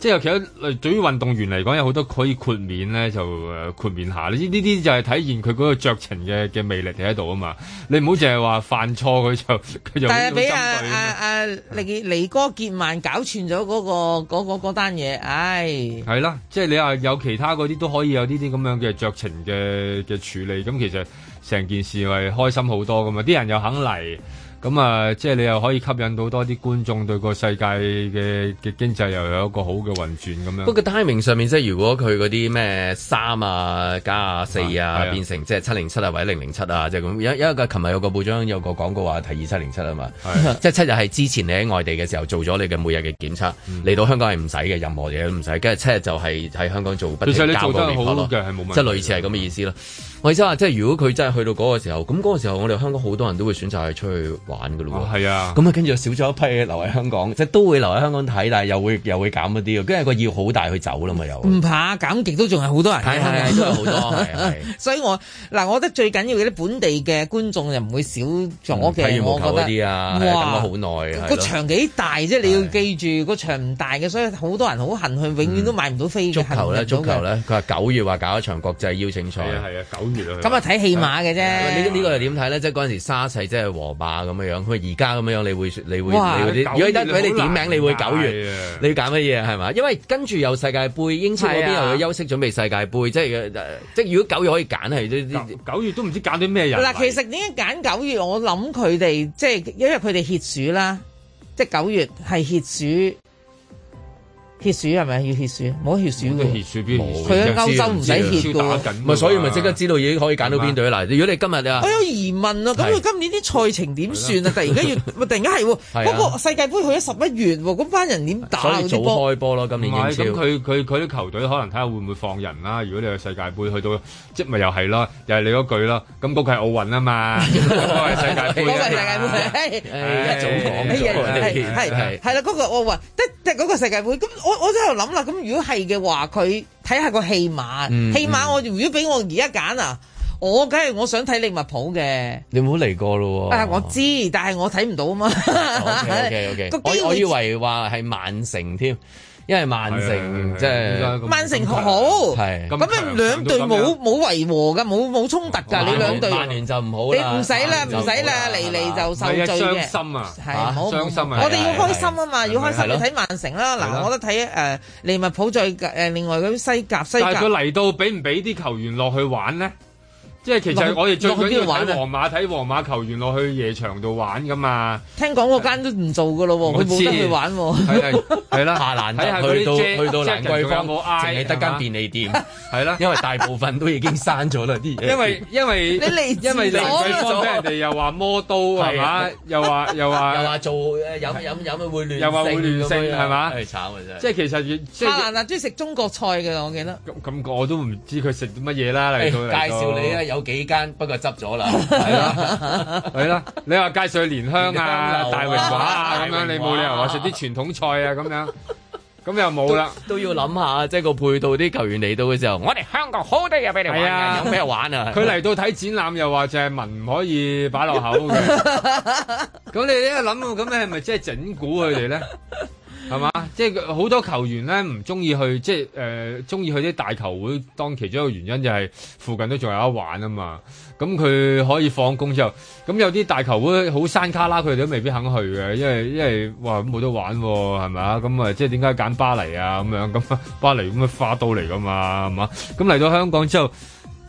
即係其實，對於運動員嚟講，有好多可以豁免咧，就、呃、豁免下。呢呢啲就係體現佢嗰個酌情嘅嘅魅力喺度啊嘛！ 你唔好淨係話犯錯，佢就佢就。他就但係俾阿阿阿利利哥傑曼搞串咗嗰個嗰單嘢，唉。係啦，即係你話有其他嗰啲都可以有呢啲咁樣嘅酌情嘅嘅處理，咁其實成件事咪開心好多噶嘛？啲人又肯嚟。咁、嗯、啊，即係你又可以吸引到多啲觀眾，對個世界嘅嘅經濟又有一個好嘅運轉咁樣。不過 timing 上面，即係如果佢嗰啲咩三啊加四啊四啊，啊變成即係七零七啊或者零零七啊，即係咁。因一個琴日有個報章有個廣告話提二七零七啊嘛、啊，即係七日係之前你喺外地嘅時候做咗你嘅每日嘅檢測，嚟、嗯、到香港係唔使嘅，任何嘢都唔使，跟住七日就係喺香港做。其實你做得好嘅係冇，即係類似係咁嘅意思啦。嗯我意思說即係即係，如果佢真係去到嗰個時候，咁嗰個時候，我哋香港好多人都會選擇係出去玩嘅咯。係啊，咁啊，跟住又少咗一批留喺香港，即係都會留喺香港睇，但係又會又會減一啲，跟住個要好大，去走啦嘛又。唔怕減極都仲係好多人，係係係，好多。 所以我嗱，我覺得最緊要嗰啲本地嘅觀眾又唔會少咗嘅、嗯啊，我覺得啲啊，哇，等咗好耐。個場幾大啫？你要記住個場唔大嘅，所以好多人好恨佢，永遠都買唔到飛、嗯嗯、足球呢足球咧，佢話九月話搞一場國際邀請賽，係啊係啊九。咁啊睇戲碼嘅啫，你你你呢呢個又點睇咧？即係嗰陣時沙士即係和霸咁樣樣，佢而家咁樣樣，你會你會你會如果你點名，你，你會九月，你揀乜嘢係嘛？因為跟住有世界盃，英超嗰邊又要休息準備世界盃，即係即係如果九月可以揀係，九月都唔知揀啲咩人。嗱，其實點解揀九月？我諗佢哋即係因為佢哋歇暑啦，即係九月係歇暑。揭暑係咪要鼠？暑？唔鼠？揭暑鼠、那個、鼠，鼠，佢喺歐洲唔使打緊，咪所以咪即刻知道已經可以揀到邊隊啦。嗱，如果你是今日啊，我有疑問啊。咁佢今年啲賽程點算啊？突然間要， 突然間係喎、啊。嗰、那個世界盃去咗十一月喎。咁班人點打？早開波咯、啊，今年英超。咁佢佢佢啲球隊可能睇下會唔會放人啦、啊。如果你去世界盃去到，即咪又係咯？又、就、係、是、你嗰句啦。咁、那、嗰個係奧運啊嘛， 個世界盃、啊。 我是世界盃、啊，一早講咗。啦，嗰個奧運，得得世界盃咁我真係度諗啦，咁如果係嘅話，佢睇下個戲碼，戲碼我如果俾我而家揀啊，我梗係我想睇利物浦嘅。你唔好嚟過咯？啊，我知，但係我睇唔到啊嘛。 OK OK OK，我我以為話係曼城添。因為曼城，即係曼城好，係咁啊，兩隊冇冇違和嘅，冇冇衝突㗎，你兩隊曼聯就唔好，你唔使啦，唔使啦，嚟嚟就，就受罪嘅，係啊，傷心啊，係，冇、啊啊，我哋要開心啊嘛，要開心，睇曼城啦，嗱、啊啊，我覺得睇誒利物浦再誒另外嗰啲西甲西甲，但佢嚟到俾唔俾啲球員落去玩咧？即係其實我哋最緊要玩皇馬，睇皇馬球員落去夜場度玩噶嘛？聽講嗰間都唔做噶咯喎，佢冇得去玩喎，係係啦。下 蘭去到去到蘭桂坊，淨係得間便利店，係啦。因為大部分都已經刪咗啦啲嘢。因為 因為你因為蘭桂坊俾人哋又話魔刀係嘛？又話又話又話做誒飲飲飲會亂，又話會亂性係嘛？係慘啊真係，即係其實下蘭中意食中國菜嘅，我記得。咁咁我都唔知佢食乜嘢啦嚟到嚟到。介紹你啊！有幾間不過執咗啦，係 啦，係啦。你話街上蓮香啊，啊、大榮華啊咁、啊、樣，你冇理由話食啲傳統菜啊咁樣，咁又冇啦。都要諗下，即、嗯、係、就是、個配套，啲球員嚟到嘅時候，我哋香港好多嘢俾你玩，有咩、啊、玩啊？佢嚟到睇展覽又話就係文，唔可以擺落口嘅。咁 你一諗，咁你係咪即係整蠱佢哋咧？係嘛？即好多球員咧唔中意去，即係誒中意去啲大球會，當其中一個原因就係附近都仲有一玩啊嘛。咁佢可以放工之後，咁有啲大球會好山卡拉，佢哋都未必肯去嘅，因為因為哇冇得玩喎、哦，係咪啊？咁啊，即係點解揀巴黎啊？咁樣咁巴黎咁嘅花都嚟噶嘛，係嘛？咁嚟到香港之後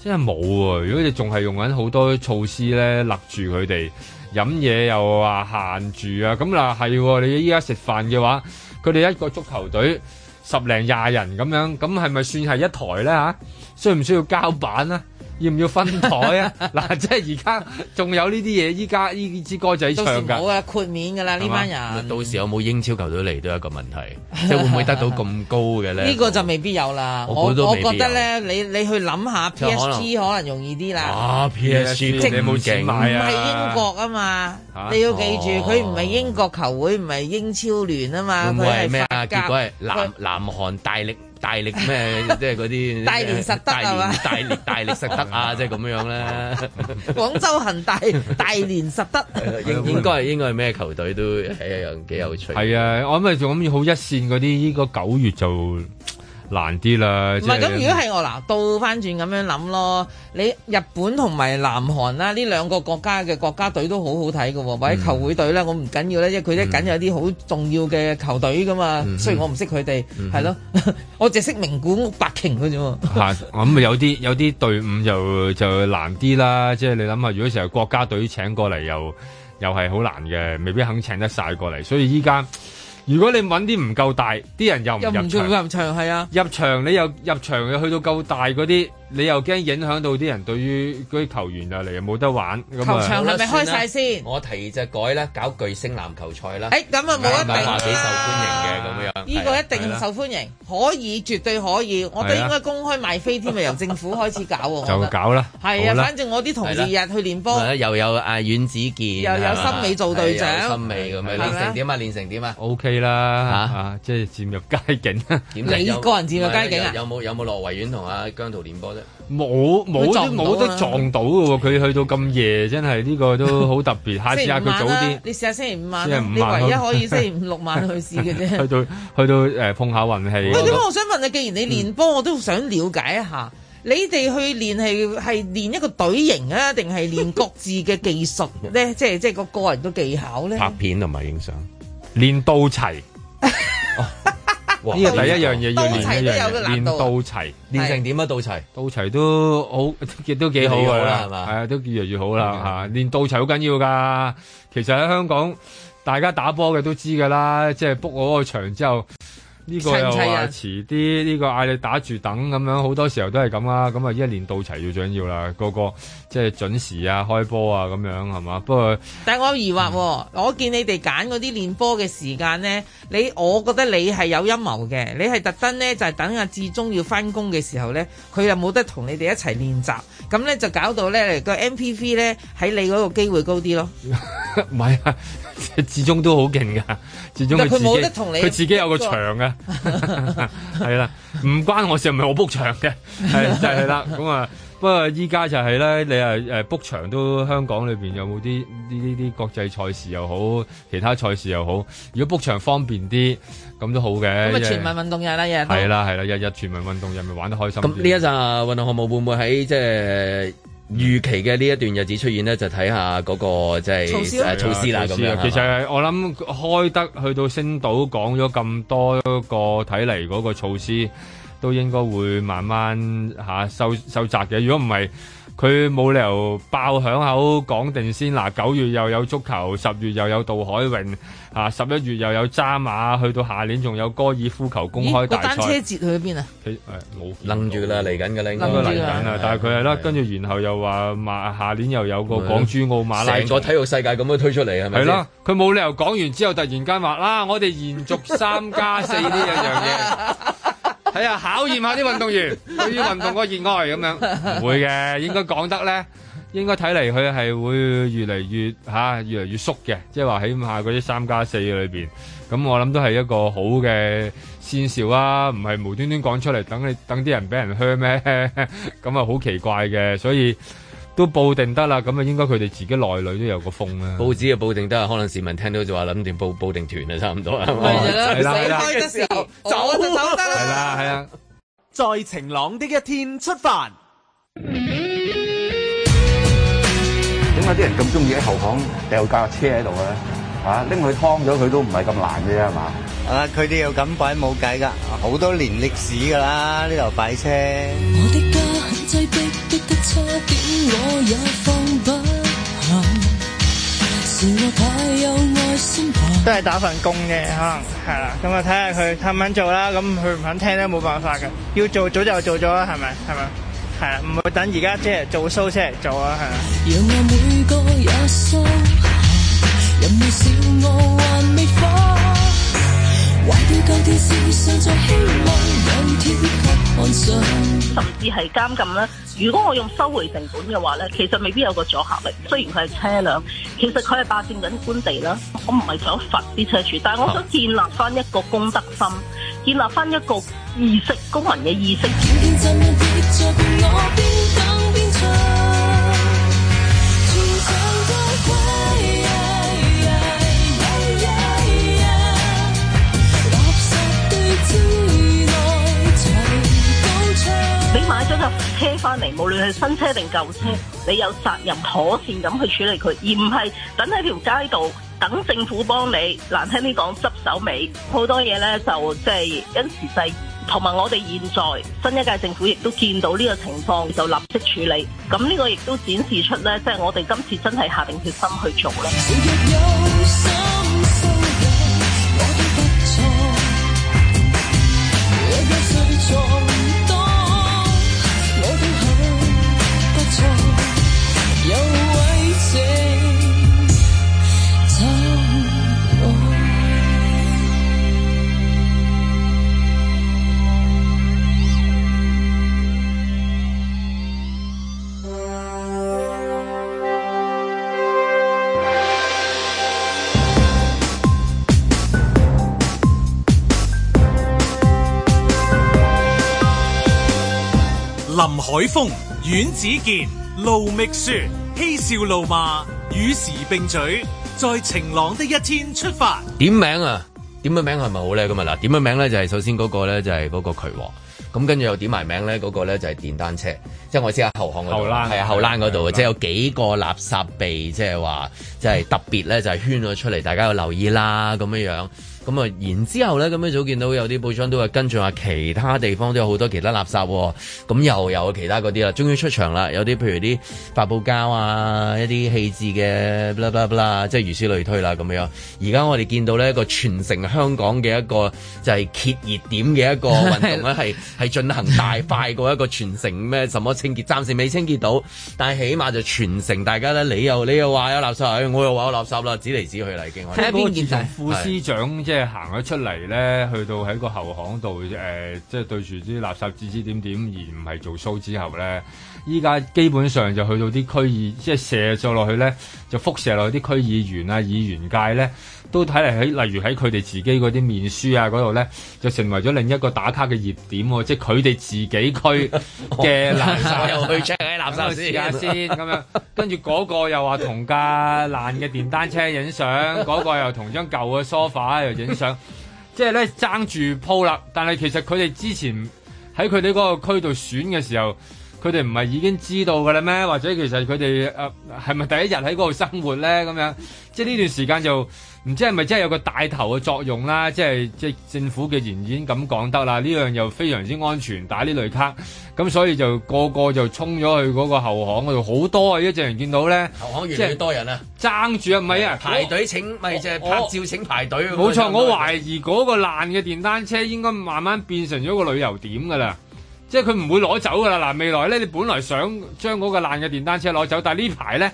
真係冇喎。如果你仲係用緊好多措施咧，勒住佢哋。飲嘢又話限住啊！咁嗱係喎，你依家食飯嘅話，佢哋一個足球隊十零廿人咁樣，咁係咪算係一台咧吓？需唔需要膠板呢？要唔要分台啊？嗱， 即係而家仲有呢啲嘢，依家呢支歌仔唱噶。好啊，豁免噶啦，呢班人。到時候有冇英超球隊嚟都係一個問題， 即係會唔會得到咁高嘅咧？呢、呢個就未必有啦。我覺得咧，你你去諗下 P S G 可能容易啲啦。啊，P S G，你冇證，唔係英國嘛啊嘛？你要記住，佢唔係英國球會，唔係英超聯啊嘛。佢係咩啊？結果係南南韓大力。大力咩，即係嗰啲大力實德、大力、大力實德啊，即係咁樣啦。廣州恒大、大連實德， 應應該係應該係咩球隊都係一樣，幾有趣。係 啊，我諗係仲要好一線嗰啲，依、這個九月就。難啲啦，唔係咁。如果係我嗱，倒翻轉咁樣諗咯，你日本同埋南韓啦，呢兩個國家嘅國家隊都好好睇嘅，或者球會隊咧，我唔緊要咧，因為佢一緊有啲好重要嘅球隊噶嘛，雖然我唔識佢哋，係、嗯、咯，我淨係識名古屋白鯨嘅啫。喎。咁啊有啲有啲隊伍就就難啲啦， 即係你諗下，如果成日國家隊請過嚟，又又係好難嘅，未必肯請得晒過嚟，所以依家。如果你揾啲唔夠大，啲人又唔入場，入場係啊，入場你又入場又去到夠大嗰啲。你又驚影響到啲人對於嗰啲球員啊，嚟又冇得玩，咁球場係咪開晒先？我提就改咧，搞巨星籃球賽啦！咁、欸、啊，冇一定啊！幾受歡迎嘅咁、啊、樣，呢、呢個一定受歡迎，啊、可以絕對可以，啊、我哋應該公開賣飛添，咪由政府開始搞喎、啊，就搞、啊、啦，係啊，反正我啲同事日去練波、啊，又有阿阮子健，啊、又有森美做隊長，森美咁咪練成點啊？練成點啊？OK 啦即係、啊啊即係、漸入佳境啊！你個人漸入佳境啊，啊？有冇有冇羅維園同阿姜濤練波呢？有冇冇冇得撞到噶喎，佢去到咁夜真係呢個都好特別。 下次啊，佢早啲。你試下星期五晚、啊。星期你唯一可以星期五 六晚去試嘅啫。去到去到誒碰下運氣。喂， 點解我想問你？既然你練波，我都想了解一下，你哋去練係係練一個隊形啊，定係練各自嘅技術咧？ 即係即係個個人嘅技巧咧？拍片同埋影相，練到齊。 呢個第一樣嘢要練一樣，練到齊，練成點啊？到齊，到齊都好，亦都幾好㗎啦。係咪？係啊，都越嚟越好啦嚇。練到齊好緊要㗎。其實喺香港，大家打波嘅都知㗎啦，即係 book 我個場之後。呢、這個又話遲啲，呢、這個嗌，你打住等咁樣，好多時候都係咁啦。咁啊，一年到齊最緊要啦，個個即係準時啊，開波啊，咁樣係嘛。不過，但係我疑惑，嗯、我見你哋揀嗰啲練波嘅時間咧，你我覺得你係有陰謀嘅，你係特登咧就係、是、等阿志忠要翻工嘅時候咧，佢又冇得同你哋一齊練習，咁咧就搞到咧、那個 MPV 咧喺你嗰個機會高啲咯。唔 係啊。始終都好勁噶，始終佢自己佢自己有個場嘅，係 啦， 唔關我事，唔係我 book 場嘅，係 就係、是、啦。咁啊，不過依家就係、是、咧，你啊誒 book 場都香港裏邊有冇啲呢啲啲國際賽事又好，其他賽事又好，如果 book 場方便啲，咁都好嘅。咁、就是、全民運動日啦、啊，日係啦係啦，日日全民運動日咪玩得開心。咁呢一陣運動項目會唔會喺即係？呃預期嘅呢一段日子出現咧，就睇下嗰，那個即係，就是，措施啦。咁，啊，樣其實我諗開得去到星島講咗咁多個睇嚟嗰個措施，都應該會慢慢嚇收收窄嘅。如果唔係，佢冇理由爆響口講定先，嗱九月又有足球，十月又有渡海泳，啊十一月又有揸馬，去到下年仲有高爾夫球公開大賽。個單車節去咗邊啊？佢係冇楞住啦，嚟緊嘅應該嚟緊啦。但係佢係啦，跟住然後又話馬下年又有個港珠澳馬拉，成個體育世界咁樣推出嚟係咪？係咯，佢冇理由講完之後突然間話啦，我哋延續三加四呢樣嘢。 睇、哎、下考驗下啲運動員對 運動個熱愛咁樣，唔 會嘅，應該講得咧，應該睇嚟佢係會越嚟越吓、啊，越嚟越縮嘅，即係話起碼嗰啲三加四裏面。咁我諗都係一個好嘅先兆啊，唔係無端端講出嚟等你等啲人俾人噓咩？咁啊好奇怪嘅，所以。都報定得啦，咁啊應該佢哋自己內裏都有個風啦、啊。報紙啊報定得，可能市民聽到就話諗住報報定團啊，差唔多啦。係啦，係、哦、啦，開嘅時候走都係啦，係啊。在晴朗的一天出發。點解啲人咁中意喺後巷掉架車喺度咧？吓拎，佢劏咗佢都唔係咁難嘅啫，係嘛？啊，佢哋又咁擺冇計噶，好、啊啊、多年歷史噶啦，呢度擺車。我 都係打份工嘅可能係啦，咁我睇下佢肯唔肯做啦，咁佢唔肯聽都冇辦法噶，要做早就做咗啦，係咪？係咪？係啊，唔會等而家即係做 show 先嚟做啊係啊。 甚至係監禁啦。如果我用收回成本嘅話咧，其實未必有個阻嚇力。雖然佢係車輛，其實佢係霸佔緊官地啦。我唔係想罰啲車主，但係我想建立翻一個公德心，建立翻一個意識，公民嘅意識。天天執車翻嚟，無論係新車定舊車，你有責任妥善咁去處理佢，而唔係等喺條街度等政府幫你。難聽啲講執手尾，好多嘢呢就即係因時勢，同埋我哋現在新一屆政府亦都見到呢個情況，就立即處理。咁呢個亦都展示出呢，即係我哋今次真係下定決心去做咧。林海峰、阮子健、盧覓雪。嬉笑怒罵與時並舉，在晴朗的一天出發。點名啊？點個名係咪好叻噶嘛？嗱，點個名咧就係首先嗰個咧就係嗰個渠王。咁跟住又點埋名咧，嗰個咧就係電單車。即係我知啊，後巷後欄係啊，後欄嗰度，即係、就是、有幾個垃圾被即係話即係特別咧，就係、是就是就是、圈咗出嚟，大家要留意啦咁樣樣，咁啊，然之後咧，咁樣就見到有啲報章都話跟進下其他地方都有好多其他垃圾咁、喔、又，又有其他嗰啲啦，終於出場啦。有啲譬如啲發泡膠啊，一啲棄置嘅，bla bla bla 即係如此類推啦咁樣樣，而家我哋見到咧個全城香港嘅一個就係、是、揭熱點嘅一個運動咧，係係進行大快過一個全城咩什麼。什麼清潔暫時未清潔到，但係起碼就傳承大家咧。你又你又話有垃圾，我又話有垃圾啦，指嚟指去嚟嘅。我睇下邊件事？副司長即係行咗出嚟咧，去到喺個後巷度，誒、呃，即係對住啲垃圾指指點點，而唔係做 show 之後咧，依家基本上就去到啲區議，即係射咗落去咧，就輻射落去啲區議員啊、議員界咧。都睇嚟喺例如喺佢哋自己嗰啲面書啊嗰度咧，就成為咗另一個打卡嘅熱點喎！即係佢哋自己區嘅垃圾，又去 check 啲垃圾先咁樣。跟住嗰個又話同架爛嘅電單車影相，嗰 個又同張舊嘅 sofa 又影相，即係咧爭住鋪啦。但係其實佢哋之前喺佢哋嗰個區度選嘅時候，佢哋唔係已經知道㗎啦咩？或者其實佢哋誒係咪第一日喺嗰度生活咧？咁樣即係呢段時間就唔知係咪真係有個帶頭嘅作用啦？即係即係政府嘅言語已經咁講得啦。呢樣又非常之安全，打呢類卡咁，所以就個個就衝咗去嗰個後巷嗰度，好多啊！一陣間見到咧，後巷越嚟越多人啊，爭住啊，唔、嗯、係啊，排隊請，咪就係拍照請排隊。冇、哦、錯、啊，我懷疑嗰個爛嘅電單車應該慢慢變成咗個旅遊點㗎啦。即係佢唔會攞走噶啦，嗱，未來咧，你本來想將嗰個爛嘅電單車攞走，但係呢排咧，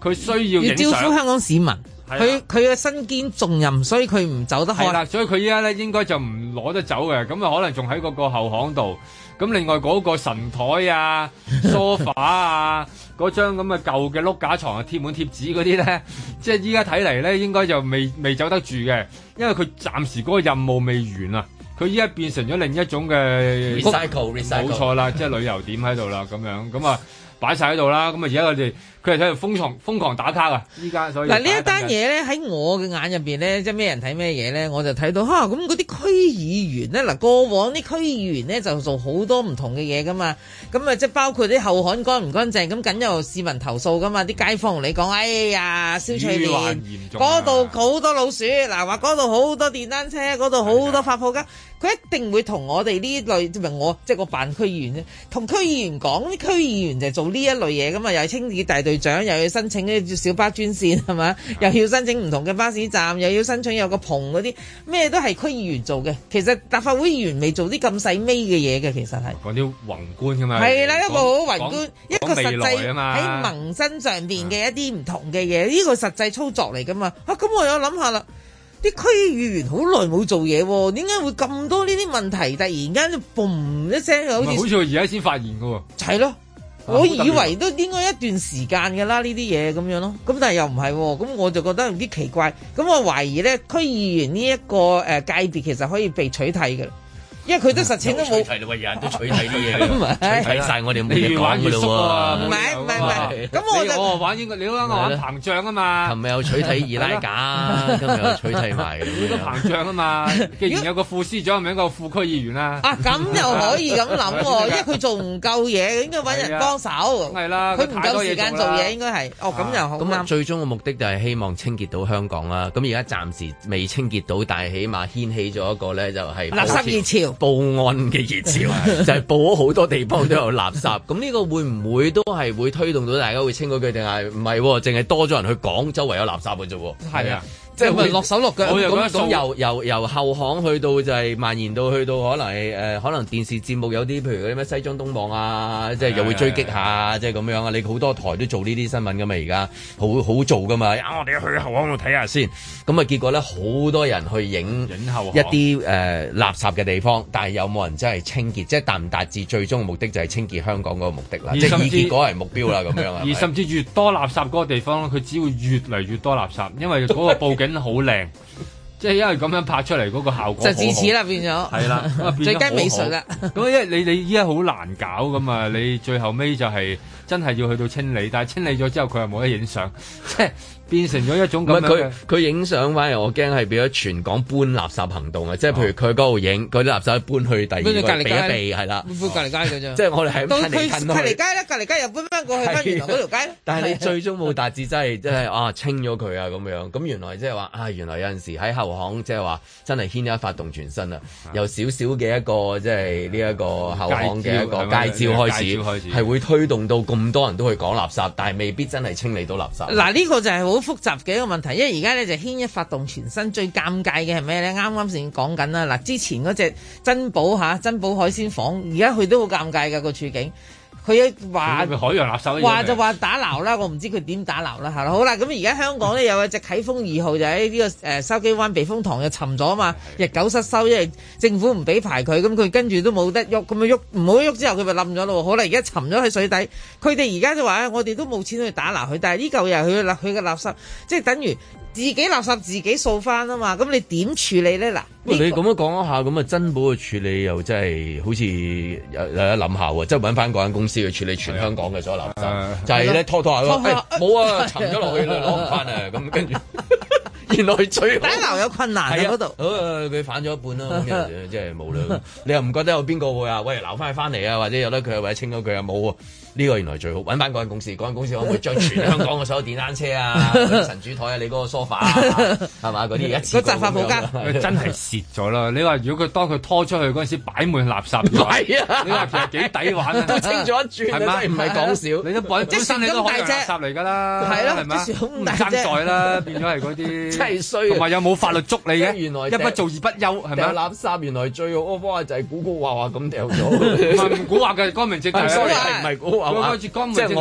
佢需要要招呼香港市民，佢佢嘅身兼重任，所以佢唔走得開。係啦，所以佢依家咧應該就唔攞得走嘅，咁啊可能仲喺嗰個後巷度。咁另外嗰個神台啊、梳化啊、嗰張咁嘅舊嘅碌架床啊，貼滿貼紙嗰啲咧，即係依家睇嚟咧，應該就未未走得住嘅，因為佢暫時嗰個任務未完啊。佢依家變成咗另一種嘅，冇錯啦，即係旅遊點喺度啦，咁樣咁啊，擺晒喺度啦，咁啊而家佢哋。佢喺度瘋狂瘋狂打卡啊！依家所以嗱呢一單嘢咧，喺我嘅眼入邊咧，即係咩人睇咩嘢咧？我就睇到嚇咁嗰啲區議員咧，嗱、啊、過往啲區議員咧、啊、就做好多唔同嘅嘢噶嘛。咁啊即係包括啲後巷乾唔乾淨，咁、啊、緊有市民投訴噶嘛？啲街坊同你講：哎呀，消臭味，嗰度好多老鼠，嗱話嗰度好多電單車，嗰度好多發泡膠，佢一定會同我哋呢類即係我即係個辦區議員咧，同區議員講啲區議員就做呢一類嘢噶嘛，又係清潔大隊。長又要申請小巴專線係嘛，又要申請唔同嘅巴士站，又要申請有個篷嗰啲，咩都係區議員做嘅。其實立法會議員未做啲咁細微嘅嘢嘅，其實係講啲宏觀噶嘛，係啦，一個好宏觀，一個實際喺民生上邊嘅一啲唔同嘅嘢，呢個實際操作嚟噶嘛。啊，咁我又諗下啦，啲區議員好耐冇做嘢，點解會咁多呢啲問題？突然間就嘣一聲，好似，好似我而家先發現噶喎，係咯。我以為都應該一段時間㗎啦，呢啲嘢咁樣咯，咁但又唔係喎，咁我就覺得有啲奇怪，咁我懷疑咧區議員呢一個誒界別其實可以被取締嘅。因為佢都實踐都冇提，喂，人都取締啲嘢， 取締晒我哋冇嘢玩嘅喎。唔係唔係唔係，咁我就玩英國了，你,玩、啊、 你我玩膨脹啊嘛。琴日有取締二奶架， 今日有取締埋咁樣。膨脹啊嘛，既然有個副司長咁樣個副區議員啦，啊，咁又可以咁諗喎，因為佢做唔夠嘢，應該搵人幫手。係啦，佢唔夠時間做嘢，應該係。哦，咁又好咁最終嘅目的就係希望清潔到香港啦、啊。咁而家暫時未清潔到，但係起碼掀起咗一個咧，就係垃圾熱潮。 報案嘅熱潮 就係報咗好多地方都有垃圾，咁 呢個會唔會都係會推動到大家會清嗰句，定係唔係？淨係多咗人去講周圍有垃圾嘅啫喎，係 啊不是。 即係落手落腳咁，由由由後巷去到就係蔓延到去到可能係、呃、可能電視節目有啲譬如嗰啲咩西裝東望啊，即係又會追擊下，即係咁樣啊！你好多台都做呢啲新聞㗎嘛，而家好好做㗎嘛，我哋去後巷度睇下先，咁啊結果咧好多人去影影後巷一啲誒、呃、垃圾嘅地方，但係有冇人真係清潔？即係達唔達至最終嘅目的就係清潔香港嗰個目的啦，以、即係、結果為目標啦，咁 樣啊？而甚至越多垃圾嗰個地方，佢只會越嚟越多垃圾，因為嗰個報警。 好靚，即係因為咁樣拍出嚟嗰個效果就自此啦，變咗係啦， 最佳美術啦。咁因為你你依家好難搞嘛，咁啊你最後尾就係真係要去到清理，但係清理咗之後佢又冇得影相，即係。變成咗一種咁，唔係，佢佢影相反而，我驚係變咗全港搬垃圾行動啊！即係譬如佢嗰度影，佢啲垃圾搬去第二個，比地係啦，搬、啊、隔籬街嘅啫。啊、 即係我哋喺近嚟，近隔籬街隔籬街又搬翻過去原嚟嗰條街，但係你最終冇達至真係，真係啊清咗佢啊咁樣。咁原來即係話啊，原來有陣時喺後巷，即係話真係牽一髮動全身啊，由少少嘅一個即係呢一個後巷嘅一個街招開始，係會推動到咁多人都去講垃圾，但係未必真係清理到垃圾。嗱、啊、呢、呢個就係好。好複雜嘅一個問題，因為而家咧就牽一髮動全身，最尷尬嘅係咩呢？啱啱先講緊啦，嗱，之前嗰隻珍寶吓，珍寶海鮮舫，而家佢都好尷尬㗎個處境。佢話：海洋垃圾啊，就話打撈啦， 我唔知佢點打撈啦，好啦，咁而家香港咧有一隻啟豐二號就喺呢個誒筲箕灣避風塘又沉咗啊嘛， 日久失收，因為政府唔俾排佢，咁佢跟住都冇得喐，咁啊喐唔好喐之後佢咪冧咗咯，好啦，而家沉咗喺水底。佢哋而家就話我哋都冇錢去打撈佢，但係呢嚿又係佢佢嘅垃圾，即係等於。自己垃圾自己掃翻啊嘛，咁你點處理咧？嗱，你咁樣講一下，咁啊珍寶嘅處理又真係好似有有一諗下喎，即係搵翻嗰間公司去處理全香港嘅所有垃圾，就係、係、咧，拖拖下，冇啊，沉咗落去，攞唔翻啊，咁跟住原來最難留有困難嗰度，啊佢反咗一半咯，即係冇啦，你又唔覺得有邊個會啊？喂，留翻返翻嚟啊，或者有得佢，或者清咗佢又冇。呢、這個原來最好搵返嗰間公司，嗰間公司可唔可以將全香港嘅所有電單車啊、 神主台啊、你嗰個 sofa 啊，係嘛嗰啲一次過執法部監真係蝕咗啦！ 你話如果佢當佢拖出去嗰陣時擺滿垃圾你話啊啊其實幾抵玩啊？都清咗一轉係嘛？唔係講笑，你都擺咗本身你都垃圾嚟㗎啦，係咯、啊？唔爭在啦， 變咗係嗰啲，同埋有冇法律捉你嘅？原來一不做二不休係咪？是垃圾原來最好嗰方就係古古話華咁掉咗，唔係唔古話嘅光明正大係唔係古華？佢開始光明正大咁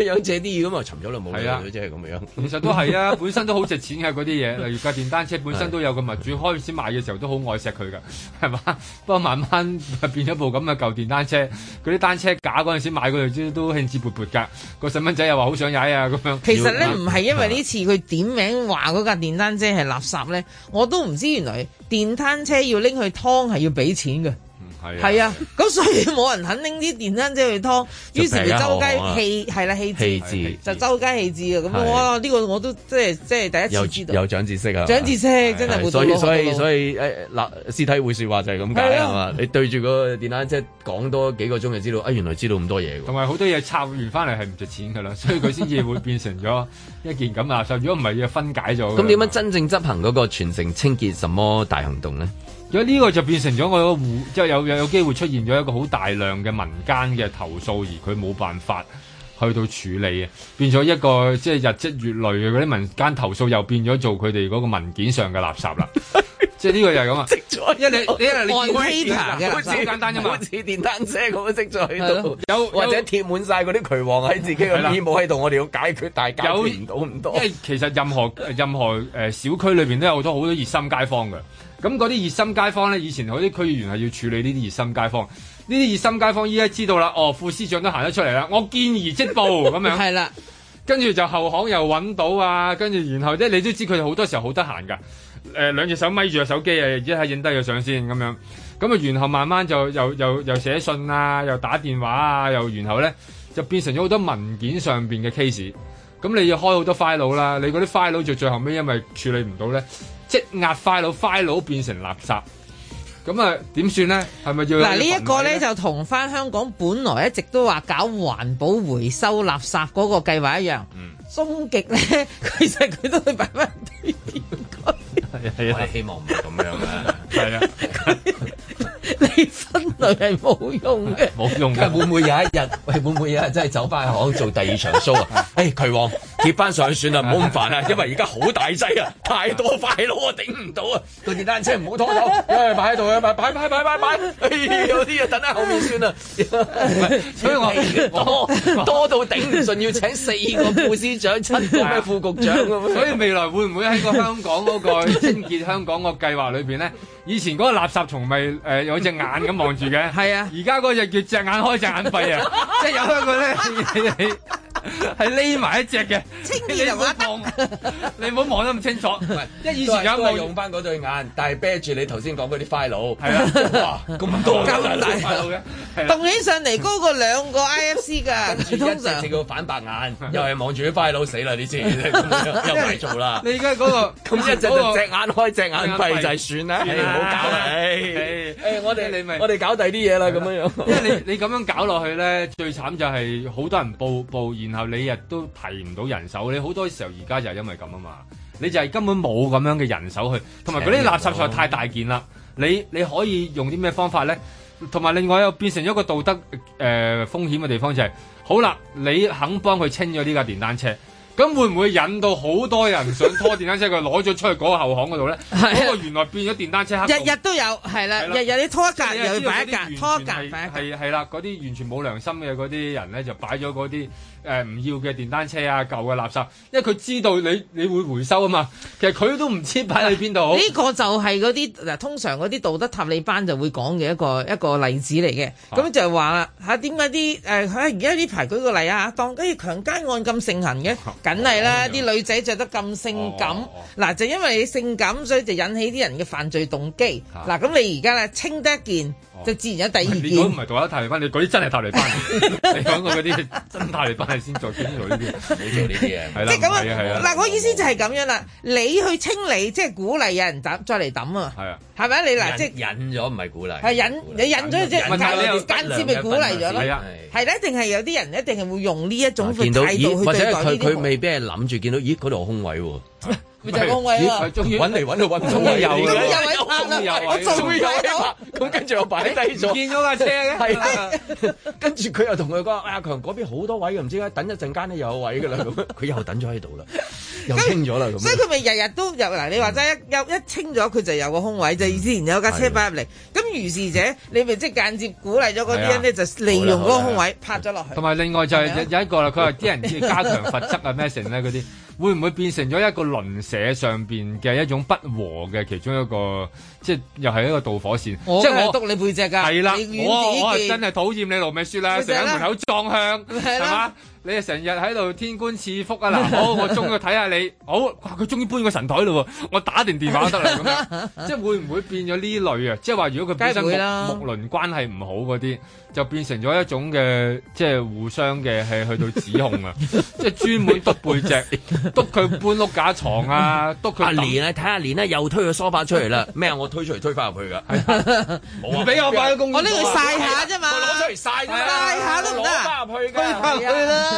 樣借啲咁啊沉咗落冇即啫，咁樣。其實都係啊， 本身都好值錢嘅嗰啲嘢，例如架電單車本身都有個物主， 開始買嘅時候都好愛錫佢噶，係嘛？不過慢慢變咗部咁嘅舊電單車。嗰啲單車假嗰陣時買嗰度都都興致勃勃㗎，個細蚊仔又話好想踩啊咁樣。其實咧唔係因為呢次佢點名話嗰架電單車係垃圾咧，我都唔知原來電單車要拎去劏係要俾錢嘅。係啊，咁、啊啊、所以冇人肯拎啲電單車去劏，於是佢周街棄，係啦棄置，就周街棄置啊！咁我呢個我都即係即係第一次知道，有，有長知識啊！長知識真係、啊、所以所以所以誒，嗱、欸、屍體會說話就係咁解啊嘛、啊！你對住個電單車講多幾個鐘就知道啊，原來知道咁多嘢同埋好多嘢拆完翻嚟係唔值錢噶啦，所以佢先至會變成咗一件咁垃圾。 如果唔係要分解咗，咁點樣真正執行嗰個全城清潔什麼大行動咧？有、這、呢個就變成咗個戶，即係有有有機會出現咗一個好大量嘅民間嘅投訴，而佢冇辦法去到處理啊，變咗一個即係日積月累嘅嗰啲民間投訴，又變咗做佢哋嗰個文件上嘅垃圾啦。 即係呢個就係咁啊！即係因為因為你用 paper，好似簡單嘅嘛，好似電單車咁樣積喺度，有或者貼滿晒嗰啲渠王喺自己嘅耳部喺度，我哋要解決大家，有，解決唔到咁多。因為其實任何任何誒小區裏邊都有咗好多熱心街坊嘅，咁嗰啲熱心街坊咧，以前嗰啲區議員係要處理呢啲熱心街坊。呢啲熱心街坊依家知道啦，哦副司長都行得出嚟啦，我見而即報咁樣，係啦，跟住就後巷又揾到啊，跟住然後即係你都知佢好多時候好得閒噶，誒兩隻手咪住個手機啊，一係影低個相先。咁樣，咁啊然後慢慢就又又又寫信啊，又打電話啊，又然後咧就變成咗好多文件上面嘅 case，咁你要開好多 file 啦，你嗰啲 file 就最後尾因為處理唔到咧積壓 file，file 變成垃圾。咁啊，點算咧？係咪要嗱？這個、呢一個咧就同翻香港本來一直都話搞環保回收垃圾嗰個計劃一樣。嗯，終極咧，其實佢都會擺翻啲點講？係 是啊， 我希望唔係咁樣啦。係 是啊。 你分類係冇用嘅，冇用嘅。會唔會有一日？喂， 會唔會有日真係走翻去行做第二場 show 啊？誒、 哎，渠王，貼翻上去算啦，唔好咁煩啊！因為而家好大劑啊，太多快佬我頂唔到啊。啊電單車唔好拖走，誒、哎，擺喺度啊，擺擺擺擺擺，有啲嘢等喺後面算啦。 所以我說 多 多到頂唔順，要請四個副司長、七個副局長咁、啊。 所以未來會唔會喺個香港嗰個清潔香港個計劃裏邊咧？以前嗰個垃圾蟲咪誒有一隻眼咁望住嘅，係 啊，而家嗰隻叫隻眼開，隻眼閉啊， 即係有一個咧。 係匿埋一隻嘅，清你唔好望，你唔好望得咁清楚。唔 係，即係以前有冇用翻嗰對眼， 但係啤住你頭先講嗰啲 file。係啊，哇，咁多咁 麼大 file 嘅， 動起來上嚟高過兩個 IFC 㗎。跟住隻要反白眼， 又係望住啲 file，死啦呢次， 又係做啦。 你而家嗰個咁 一隻，隻，隻眼開，隻眼閉就係算啦。唔 好算了 搞啦， 我哋你咪我哋搞第啲嘢啦，咁樣樣。因為你你咁樣搞落去咧， 最慘就係好多人報報現。後你亦都提唔到人手，你好多時候而家就係因為咁啊嘛，你就係根本冇咁樣嘅人手去，同埋嗰啲垃圾實在太大件啦。你你可以用啲咩方法咧？同埋另外又變成咗個道德誒、呃、風險嘅地方就係、是，好啦，你肯幫佢清咗呢架電單車，咁會唔會引到好多人想拖電單車佢攞咗出去嗰個後巷嗰度咧？嗰 不過原來變咗電單車黑洞。日日都有，係啦，日日你拖架又要擺一架，拖架擺一係，係啦，嗰啲完全冇良心嘅嗰啲人咧，就擺咗嗰啲。誒、呃，唔要嘅電單車啊，舊嘅垃圾，因為佢知道你你會回收啊嘛,其實佢都唔知擺喺邊度。呢個就係嗰啲嗱，通常嗰啲道德塔利班就會講嘅一個一個例子嚟嘅。咁、啊、就係話啦，吓點解啲誒，吓而家呢排舉個例啊，當住強姦案咁盛行嘅，梗係啦，啲、啊、女仔着得咁性感，嗱、啊啊、就因為你性感，所以就引起啲人嘅犯罪動機。嗱、啊，咁你而家咧清得見。就自然有第二件。你講唔係獨一泰來翻，你講啲真係泰來翻。你講 過嗰啲真泰來翻，先 再做呢這啲。你做呢啲嘢，係啦，係啦。嗱，我意思就係咁樣啦。你去清理，即係鼓勵有人再嚟抌啊。係啊。係咪你嗱，即、哦、係引咗唔係鼓勵。係引，你引咗即係間接咪鼓勵咗咯。係啊。係啦，定係有啲人一定係會用呢一種態度去對待呢啲、啊、或者佢未必係諗住見到咦嗰度空位喎。啊就空位啊嘛，揾嚟揾去揾唔到 有位，又又位，又位，我終於有位，咁 跟住我擺低咗，哎、見咗架車嘅，係、 哎、 啊，跟住佢又同佢講阿強嗰邊好多位唔知點解等一陣間咧又有位噶啦，佢 又等咗喺度啦，又清咗啦，咁、嗯、所以佢咪日日都入嗱、嗯？你話齋一一清咗，佢就有個空位，就、嗯、以前有架車擺入嚟，咁如是者，你咪即係間接鼓勵咗嗰啲人咧，就利用嗰個空位拍咗落去。同埋另外就係、是、有一個啦，佢話啲人要加強罰則啊咩成 s 咧嗰啲。會唔會變成咗一個鄰舍上邊嘅一種不和嘅其中一個，即係又係一個導火線。即係我督你背脊㗎，係、哦、啦。我我，我，我真係討厭你羅美雪啦，成日門門口撞向，係嘛？你成日喺度天官賜福啊！嗱，好，我終於睇下你，好，佢終於搬個神台咯，我打一電話得啦，咁即係會唔會變咗呢類啊？即係話如果佢木輪關係唔好嗰啲，就變成咗一種嘅，即係互相嘅係去到指控啊， 即係專門督背脊，督 佢搬碌架床啊，督佢。阿蓮啊，睇下蓮咧，又推個梳化出嚟啦，咩 我推出嚟、 啊，推翻入去噶，唔俾我翻工，我呢度晒下啫嘛，我攞出嚟晒都晒下都唔得翻入去翻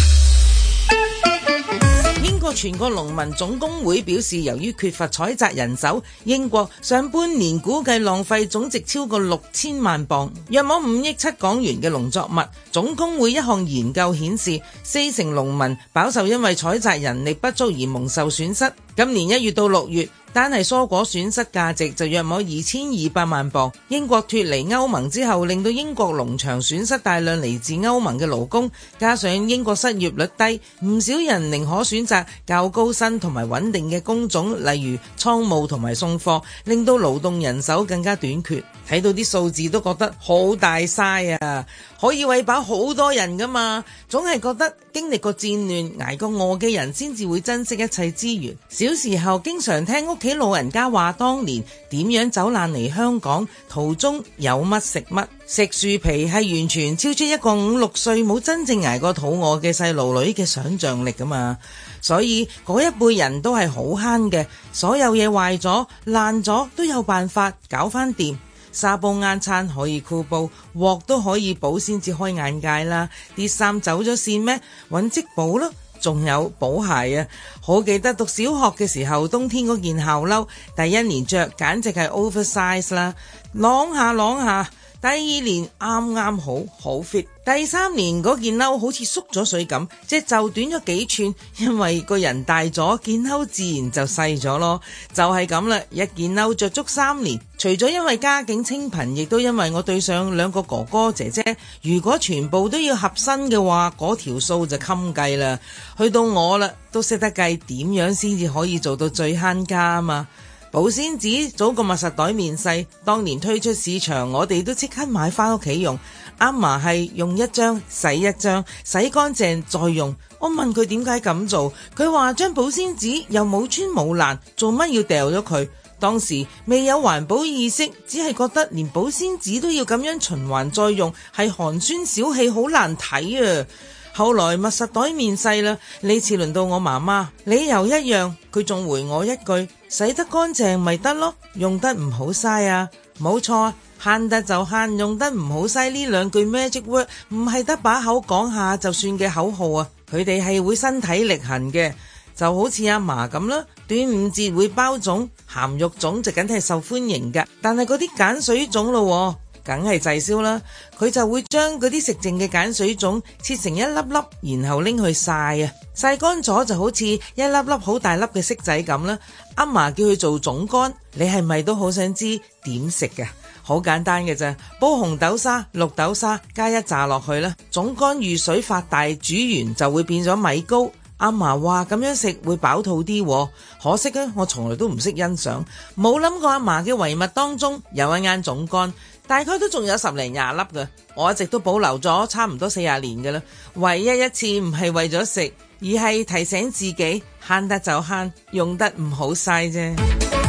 英國全國農民總工會表示，由於缺乏採摘人手，英國上半年估計浪費總值超過六千萬鎊，約莫五億七港元嘅農作物。總工會一項研究顯示，四成農民飽受因為採摘人力不足而蒙受損失。今年一月到六月。但係蔬果損失價值就約摸二千二百萬鎊。英國脫離歐盟之後，令到英國農場損失大量嚟自歐盟嘅勞工，加上英國失業率低，唔少人寧可選擇較高薪同埋穩定嘅工種，例如倉務同埋送貨，令到勞動人手更加短缺。睇到啲數字都覺得好大嘥啊！可以餵飽好多人噶嘛？總係覺得經歷過戰亂、捱過餓嘅人，先至會珍惜一切資源。小時候經常聽屋企老人家話，當年點樣走難嚟香港，途中有乜食乜，食樹皮，係完全超出一個五六歲冇真正捱過肚餓嘅細路女嘅想象力噶嘛？所以嗰一輩人都係好慳嘅，所有嘢壞咗爛咗都有辦法搞翻掂。沙煲啱餐可以箍煲，鑊都可以補，先至開眼界啦！啲衫走咗線咩？揾織補咯，仲有補鞋啊！好記得讀小學嘅時候，冬天嗰件校褸第一年着，簡直係 oversize 啦，啷下啷下。第二年啱啱好，好 fit。第三年嗰件褸好似縮咗水咁，即係就短咗幾寸，因為個人大咗，件褸自然就細咗咯。就係咁啦，一件褸着足三年，除咗因為家境清貧，亦都因為我對上兩個哥哥姐姐，如果全部都要合身嘅話，嗰條數就襟計啦。去到我啦，都識得計點樣先至可以做到最慳家啊嘛。保鮮紙早個密實袋面世，當年推出市場，我哋都即刻買返屋企用。阿嫲係用一張洗一張，洗乾淨再用。我問佢點解咁做，佢話張保鮮紙又冇穿冇爛，做乜要掉咗佢？當時未有環保意識，只係覺得連保鮮紙都要咁樣循環再用，係寒酸小氣，好難睇啊！後來密實袋面世啦，呢次輪到我媽媽，理由一樣，佢仲回我一句：洗得乾淨咪得咯，用得唔好嘥啊！冇錯，慳得就慳，用得唔好嘥呢兩句 magic word，唔係得把口講下就算嘅口號啊！佢哋係會身體力行嘅，就好似阿嫲咁啦，端午節會包粽、鹹肉粽，就梗係受歡迎嘅，但係嗰啲鹼水粽咯。梗係滯銷啦，佢就會將嗰啲食剩嘅鹼水粽切成一粒粒，然後拎去曬。啊！曬乾咗就好似一粒粒好大粒嘅色仔咁啦。阿嫲叫佢做粽乾，你係咪都好想知點食嘅？好簡單嘅啫，煲紅豆沙、綠豆沙加一紮落去啦。粽乾遇水發大，煮完就會變咗米糕。阿嫲話咁樣食會飽肚啲，可惜咧，我從來都唔識欣賞，冇諗過阿嫲嘅遺物當中有一眼粽乾。大概都仲有十零廿粒嘅，我一直都保留咗差唔多四廿年嘅啦。唯一一次唔係為咗食，而係提醒自己慳得就慳，用得唔好嘥啫。